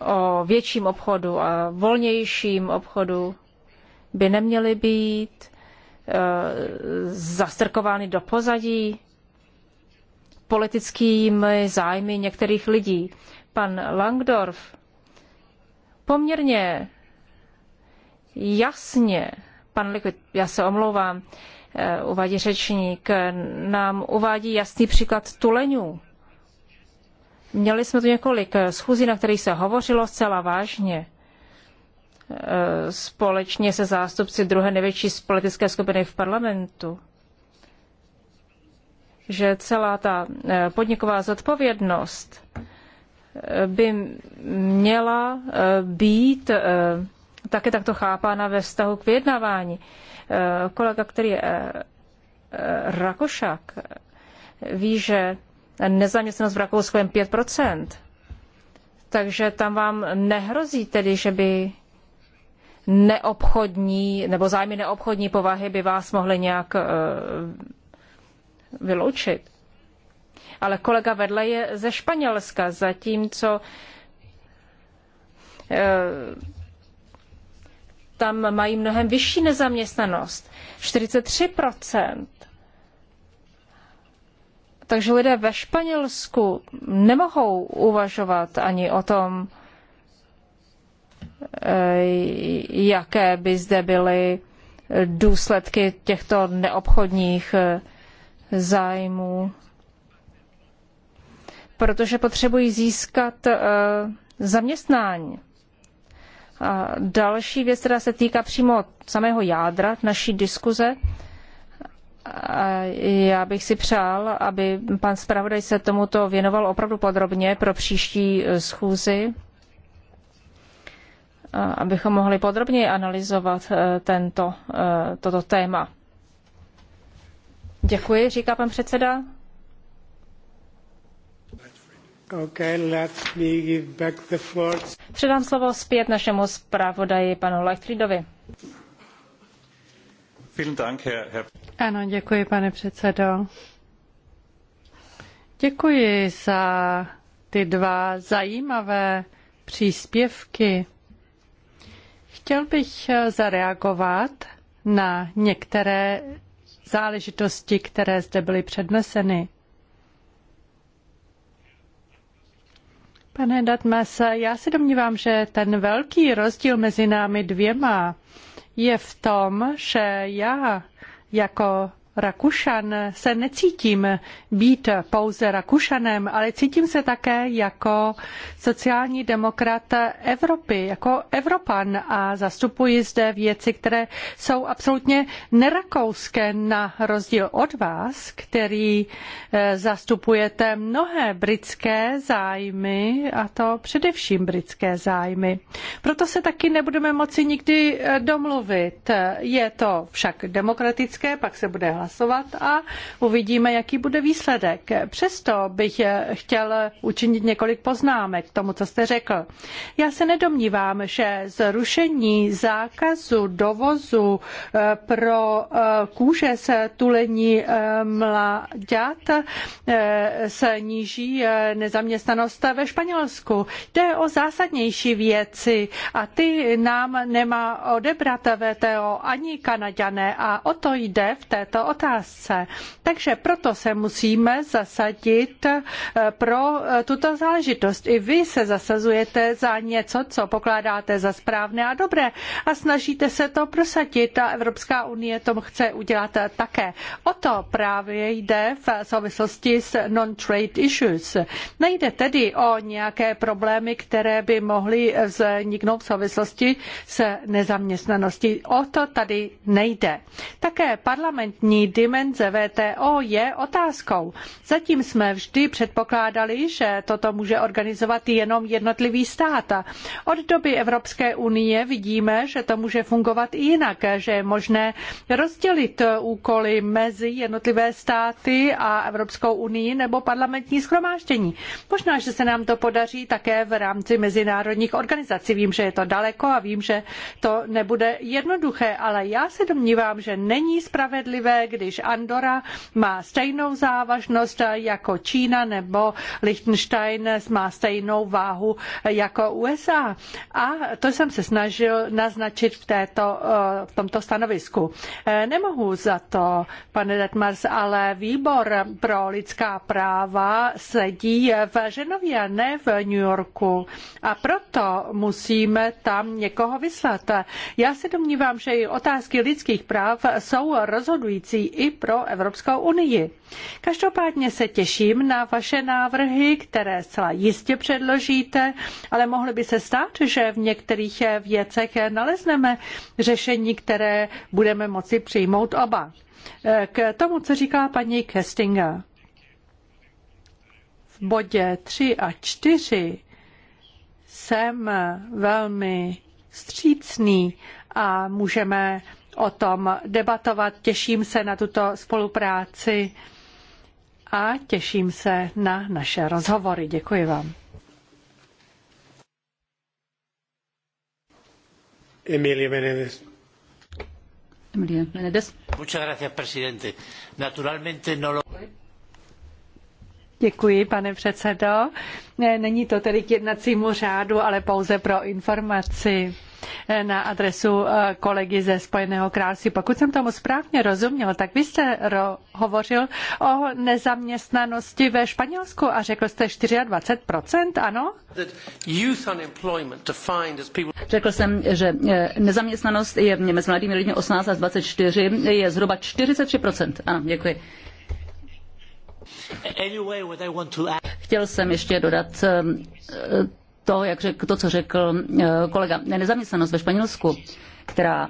[SPEAKER 1] o větším obchodu a volnějším obchodu by neměly být e, zastrkovány do pozadí politickými zájmy některých lidí. Pan Langdorf poměrně jasně, pan Likvid, já se omlouvám, eh, uvádí řečník, nám uvádí jasný příklad tuleňů. Měli jsme tu několik eh, schůzí, na kterých se hovořilo zcela vážně eh, společně se zástupci druhé největší politické skupiny v parlamentu, že celá ta podniková zodpovědnost by měla být také takto chápána ve vztahu k vyjednávání. E, kolega, který je e, e, Rakošák, ví, že nezaměstnanost v Rakousku je 5%. Takže tam vám nehrozí tedy, že by neobchodní nebo zájmy neobchodní povahy by vás mohly nějak vyloučit. Ale kolega vedle je ze Španělska, zatímco tam mají mnohem vyšší nezaměstnanost, 43%. Takže lidé ve Španělsku nemohou uvažovat ani o tom, eh, jaké by zde byly důsledky těchto neobchodních eh, zájmů. Protože potřebují získat eh, zaměstnání. A další věc, která se týká přímo samého jádra naší diskuze, a já bych si přál, aby pan zpravodaj se tomuto věnoval opravdu podrobně pro příští e, schůzi, abychom mohli podrobněji analyzovat e, tento, e, toto téma. Děkuji, říká pan předseda.
[SPEAKER 3] Okay, let me give back the floor.
[SPEAKER 1] Předám slovo zpět našemu zpravodaji panu Leichtriedovi.
[SPEAKER 5] Ano, děkuji, pane předsedo. Děkuji za ty dva zajímavé příspěvky. Chtěl bych zareagovat na některé záležitosti, které zde byly předneseny. Pane Datmas, já se domnívám, že ten velký rozdíl mezi námi dvěma je v tom, že já jako Rakušan se necítím být pouze Rakušanem, ale cítím se také jako sociální demokrat Evropy, jako Evropan a zastupuji zde věci, které jsou absolutně nerakouské na rozdíl od vás, který eh, zastupujete mnohé britské zájmy a to především britské zájmy. Proto se taky nebudeme moci nikdy eh, domluvit. Je to však demokratické, pak se bude hlasovat hlasovat a uvidíme, jaký bude výsledek. Přesto bych chtěl učinit několik poznámek k tomu, co jste řekl. Já se nedomnívám, že zrušení zákazu dovozu eh, pro eh, kůže eh, se tulení mláďat sníží nezaměstnanost ve Španělsku. Jde o zásadnější věci a ty nám nemá odebrat VTO ani Kanaďané a o to jde v této otázce otázce. Takže proto se musíme zasadit eh, pro eh, tuto záležitost. I vy se zasazujete za něco, co pokládáte za správné a dobré a snažíte se to prosadit a Evropská unie tomu chce udělat také. O to právě jde v souvislosti s non-trade issues. Nejde tedy o nějaké problémy, které by mohly vzniknout v souvislosti s nezaměstnaností. O to tady nejde. Také parlamentní dimenze VTO je otázkou. Zatím jsme vždy předpokládali, že toto může organizovat jenom jednotlivý stát. Od doby Evropské unie vidíme, že to může fungovat i jinak, že je možné rozdělit úkoly mezi jednotlivé státy a Evropskou unii nebo parlamentní schromáždění. Možná, že se nám to podaří také v rámci mezinárodních organizací. Vím, že je to daleko a vím, že to nebude jednoduché, ale já se domnívám, že není spravedlivé, když Andora má stejnou závažnost jako Čína nebo Liechtenstein má stejnou váhu jako USA. A to jsem se snažil naznačit v, této, eh, v tomto stanovisku. Eh, nemohu za to, pane Detmers, ale výbor pro lidská práva sedí v Ženově, ne v New Yorku. A proto musíme tam někoho vyslat. Já se domnívám, že i otázky lidských práv jsou rozhodující i pro Evropskou unii. Každopádně se těším na vaše návrhy, které zcela jistě předložíte, ale mohlo by se stát, že v některých věcech nalezneme řešení, které budeme moci přijmout oba. K tomu, co říká paní Kestinga V bodě 3 a 4 jsem velmi střícný a můžeme o tom debatovat. Těším se na tuto spolupráci a těším se na naše rozhovory. Děkuji vám.
[SPEAKER 3] Emilia Menedes.
[SPEAKER 2] Emilia Menedes.
[SPEAKER 3] Muchas gracias, presidente. Naturalmente no lo...
[SPEAKER 5] Děkuji, pane předsedo. Ne, není to tedy k jednacímu řádu, ale pouze pro informaci na adresu eh, kolegy ze Spojeného království. Pokud jsem tomu správně rozuměl, tak vy jste hovořil o nezaměstnanosti
[SPEAKER 2] ve Španělsku a řekl jste 24%, ano? Řekl jsem, že eh, nezaměstnanost je mezi mladými lidmi 18 až 24 je zhruba 43%. Ano, děkuji. Chtěl jsem ještě dodat eh, to, jak řekl, to co řekl eh, kolega, nezaměstnanost ve Španělsku, která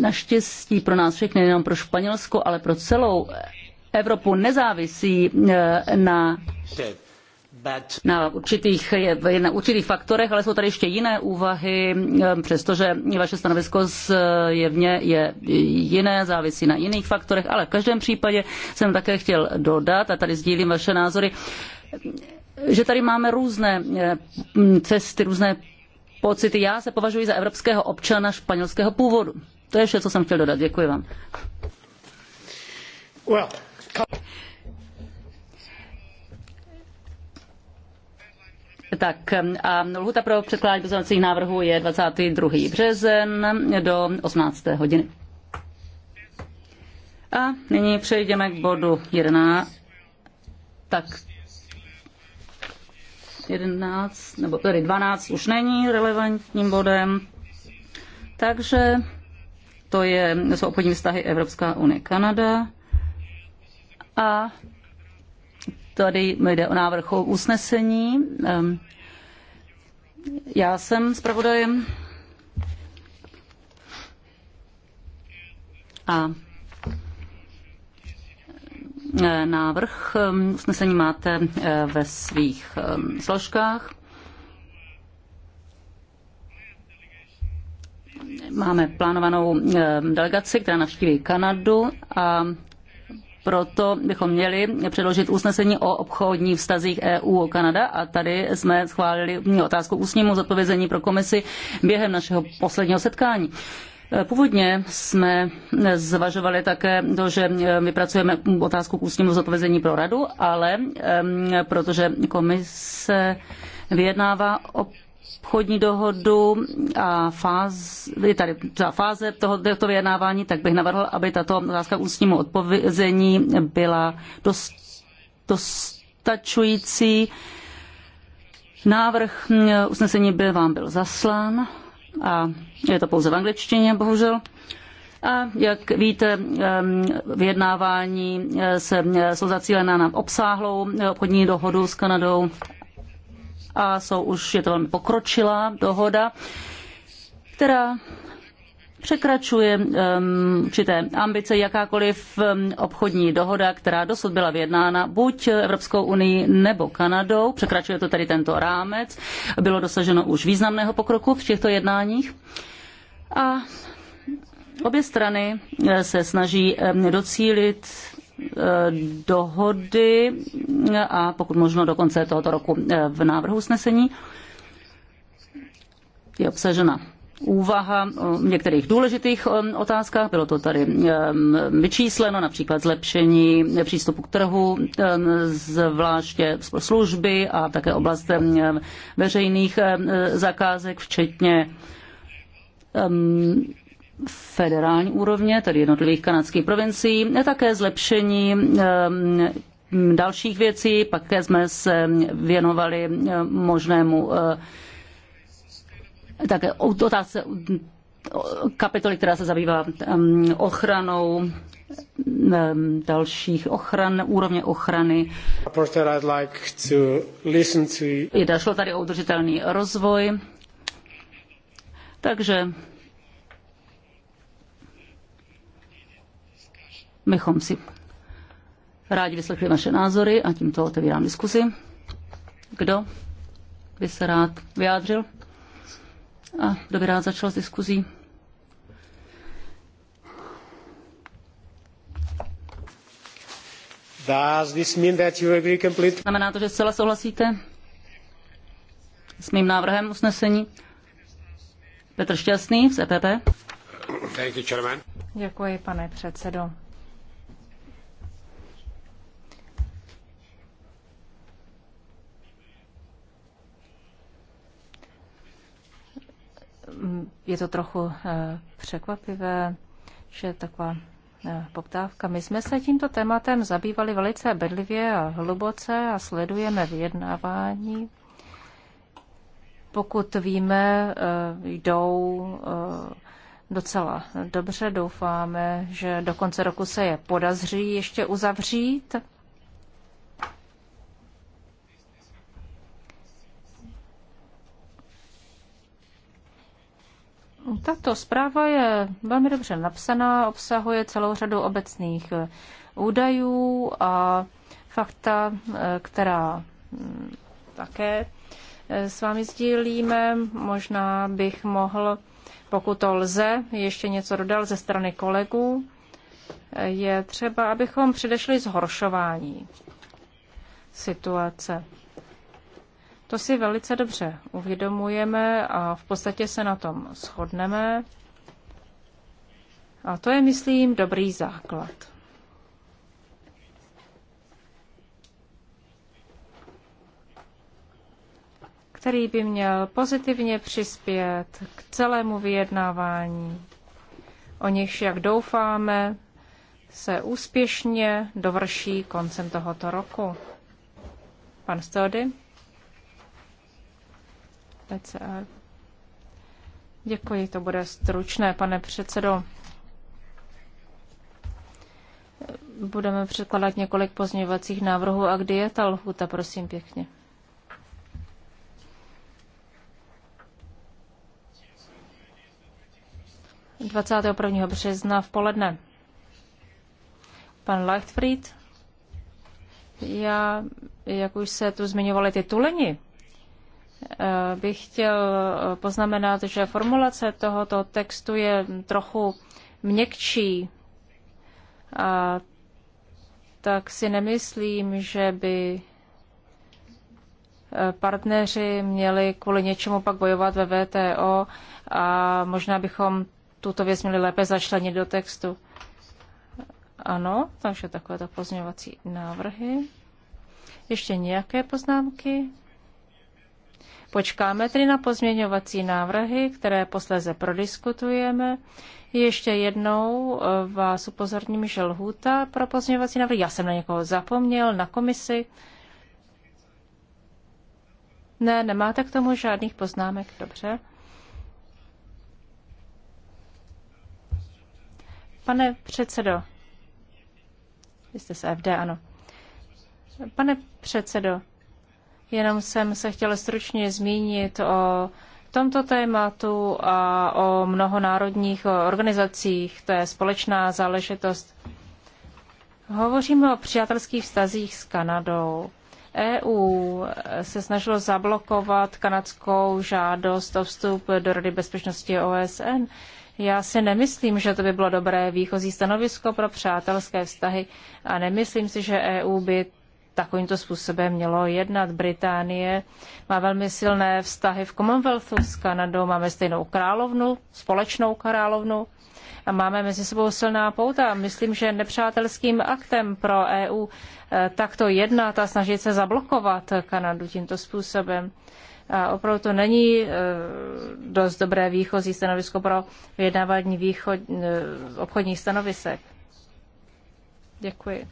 [SPEAKER 2] naštěstí pro nás všechny, nejenom pro Španělsko, ale pro celou Evropu nezávisí eh, na na určitých, na určitých faktorech, ale jsou tady ještě jiné úvahy, eh, přestože vaše stanovisko zjevně je jiné, závisí na jiných faktorech, ale v každém případě jsem také chtěl dodat, a tady sdílím vaše názory, že tady máme různé eh, cesty, různé pocity. Já se považuji za evropského občana španělského původu. To je vše, co jsem chtěl dodat. Děkuji vám. Well, Tak eh, a lhuta pro předkládání pozornacích návrhů je 22. březen do 18. hodiny. A nyní přejdeme k bodu 11. Tak 11, nebo tedy 12 už není relevantním bodem. Takže to je, jsou obchodní vztahy Evropská unie Kanada. A tady jde o návrh o usnesení. Ehm, já jsem zpravodajem. A Eh, návrh ehm, usnesení máte eh, ve svých ehm, složkách. Máme plánovanou ehm, delegaci, která navštíví Kanadu a proto bychom měli předložit usnesení o obchodních vztazích EU Kanada a tady jsme schválili otázku ústnímu zodpovězení pro komisi během našeho posledního setkání. Původně jsme zvažovali také to, že eh, vypracujeme otázku k ústnímu zodpovězení pro radu, ale ehm, protože komise vyjednává o obchodní dohodu a je tady ta fáze toho, tohoto vyjednávání, tak bych navrhl, aby tato otázka k ústnímu odpovězení byla dost, dostačující. Návrh eh, usnesení byl vám byl zaslán a je to pouze v angličtině, bohužel. A jak víte, vyjednávání eh, se, eh, jsou zacílená na obsáhlou eh, obchodní dohodu s Kanadou a jsou už, je to velmi pokročilá dohoda, která překračuje určité ambice jakákoliv obchodní dohoda, která dosud byla vyjednána buď Evropskou unii nebo Kanadou. Překračuje to tedy tento rámec. Bylo dosaženo už významného pokroku v těchto jednáních. A obě strany eh, se snaží docílit eh, dohody a pokud možno do konce tohoto roku eh, v návrhu usnesení je obsažena úvaha o některých důležitých otázkách, bylo to tady vyčísleno, například zlepšení přístupu k trhu, zvláště služby a také oblast veřejných zakázek, včetně federální úrovně, tedy jednotlivých kanadských provincií, a také zlepšení dalších věcí, pak jsme se věnovali možnému eh, také otázce kapitoly, která se zabývá ochranou dalších ochran, úrovně ochrany. Je dašlo tady o udržitelný rozvoj, takže bychom si rádi vyslechli vaše názory a tímto otevírám diskusi. Kdo by se rád vyjádřil? A kdo by rád začal s diskuzí? Does this mean that you agree completely? Znamená to, že zcela souhlasíte s mým návrhem usnesení? Petr Šťastný z EPP. Thank you, Děkuji, pane předsedo.
[SPEAKER 1] Mm, je to trochu eh, překvapivé, že taková eh, poptávka. My jsme se tímto tématem zabývali velice bedlivě a hluboce a sledujeme vyjednávání. Pokud víme, eh, jdou docela dobře. Doufáme, že do konce roku se je podaří ještě uzavřít. Tato zpráva je velmi dobře napsaná, obsahuje celou řadu obecných eh, údajů a fakta, eh, která mm, také eh, s vámi sdílíme. Možná bych mohl, pokud to lze, ještě něco dodal ze strany kolegů. Je třeba, abychom předešli zhoršování situace. To si velice dobře uvědomujeme a v podstatě se na tom shodneme. A to je, myslím, dobrý základ. který by měl pozitivně přispět k celému vyjednávání. O nichž, jak doufáme, se úspěšně dovrší koncem tohoto roku. Pan Stody? E. Děkuji, to bude stručné, pane předsedo. Budeme předkládat několik pozměňovacích návrhů a kdy je ta lhuta, prosím pěkně. prvního března v poledne. Pan Leichtfried, já, jak už se tu zmiňovali ty tuleni, Eh, bych chtěl eh, poznamenat, že formulace tohoto textu je trochu měkčí. A tak si nemyslím, že by eh, partneři měli kvůli něčemu pak bojovat ve VTO a možná bychom tuto věc měli lépe začlenit do textu. Ano, takže takovéto pozměňovací návrhy. Ještě nějaké poznámky? Počkáme tedy na pozměňovací návrhy, které posléze prodiskutujeme. Ještě jednou eh, vás upozorním, že lhůta pro pozměňovací návrhy, já jsem na někoho zapomněl, na komisi. Ne, nemáte k tomu žádných poznámek, dobře. Pane předsedo, vy jste z FD, ano. Pane předsedo, Jenom jsem se chtěla stručně zmínit o tomto tématu a o mnohonárodních organizacích. To je společná záležitost. Hovoříme o přátelských vztazích s Kanadou. EU se snažilo zablokovat kanadskou žádost o vstup do Rady bezpečnosti OSN. Já si nemyslím, že to by bylo dobré výchozí stanovisko pro přátelské vztahy a nemyslím si, že EU by takovýmto způsobem mělo jednat. Británie má velmi silné vztahy v Commonwealthu s Kanadou, máme stejnou královnu, společnou královnu a máme mezi sebou silná pouta. Myslím, že nepřátelským aktem pro EU eh, takto jednat a snažit se zablokovat Kanadu tímto způsobem. A opravdu to není eh, dost dobré výchozí stanovisko pro vyjednávání východ, eh, obchodních stanovisek. Děkuji.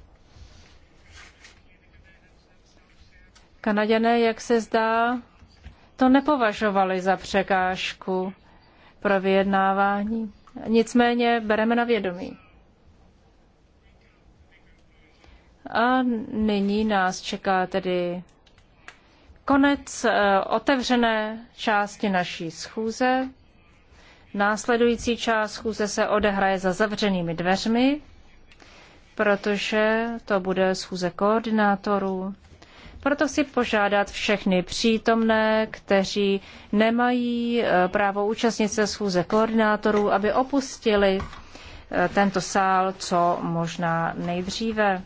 [SPEAKER 1] Kanaděné, jak se zdá, to nepovažovali za překážku pro vyjednávání. Nicméně bereme na vědomí. A nyní nás čeká tedy konec eh, otevřené části naší schůze. Následující část schůze se odehraje za zavřenými dveřmi, protože to bude schůze koordinátorů. Proto chci požádat všechny přítomné, kteří nemají eh, právo účastnit se schůze koordinátorů, aby opustili eh, tento sál co možná nejdříve.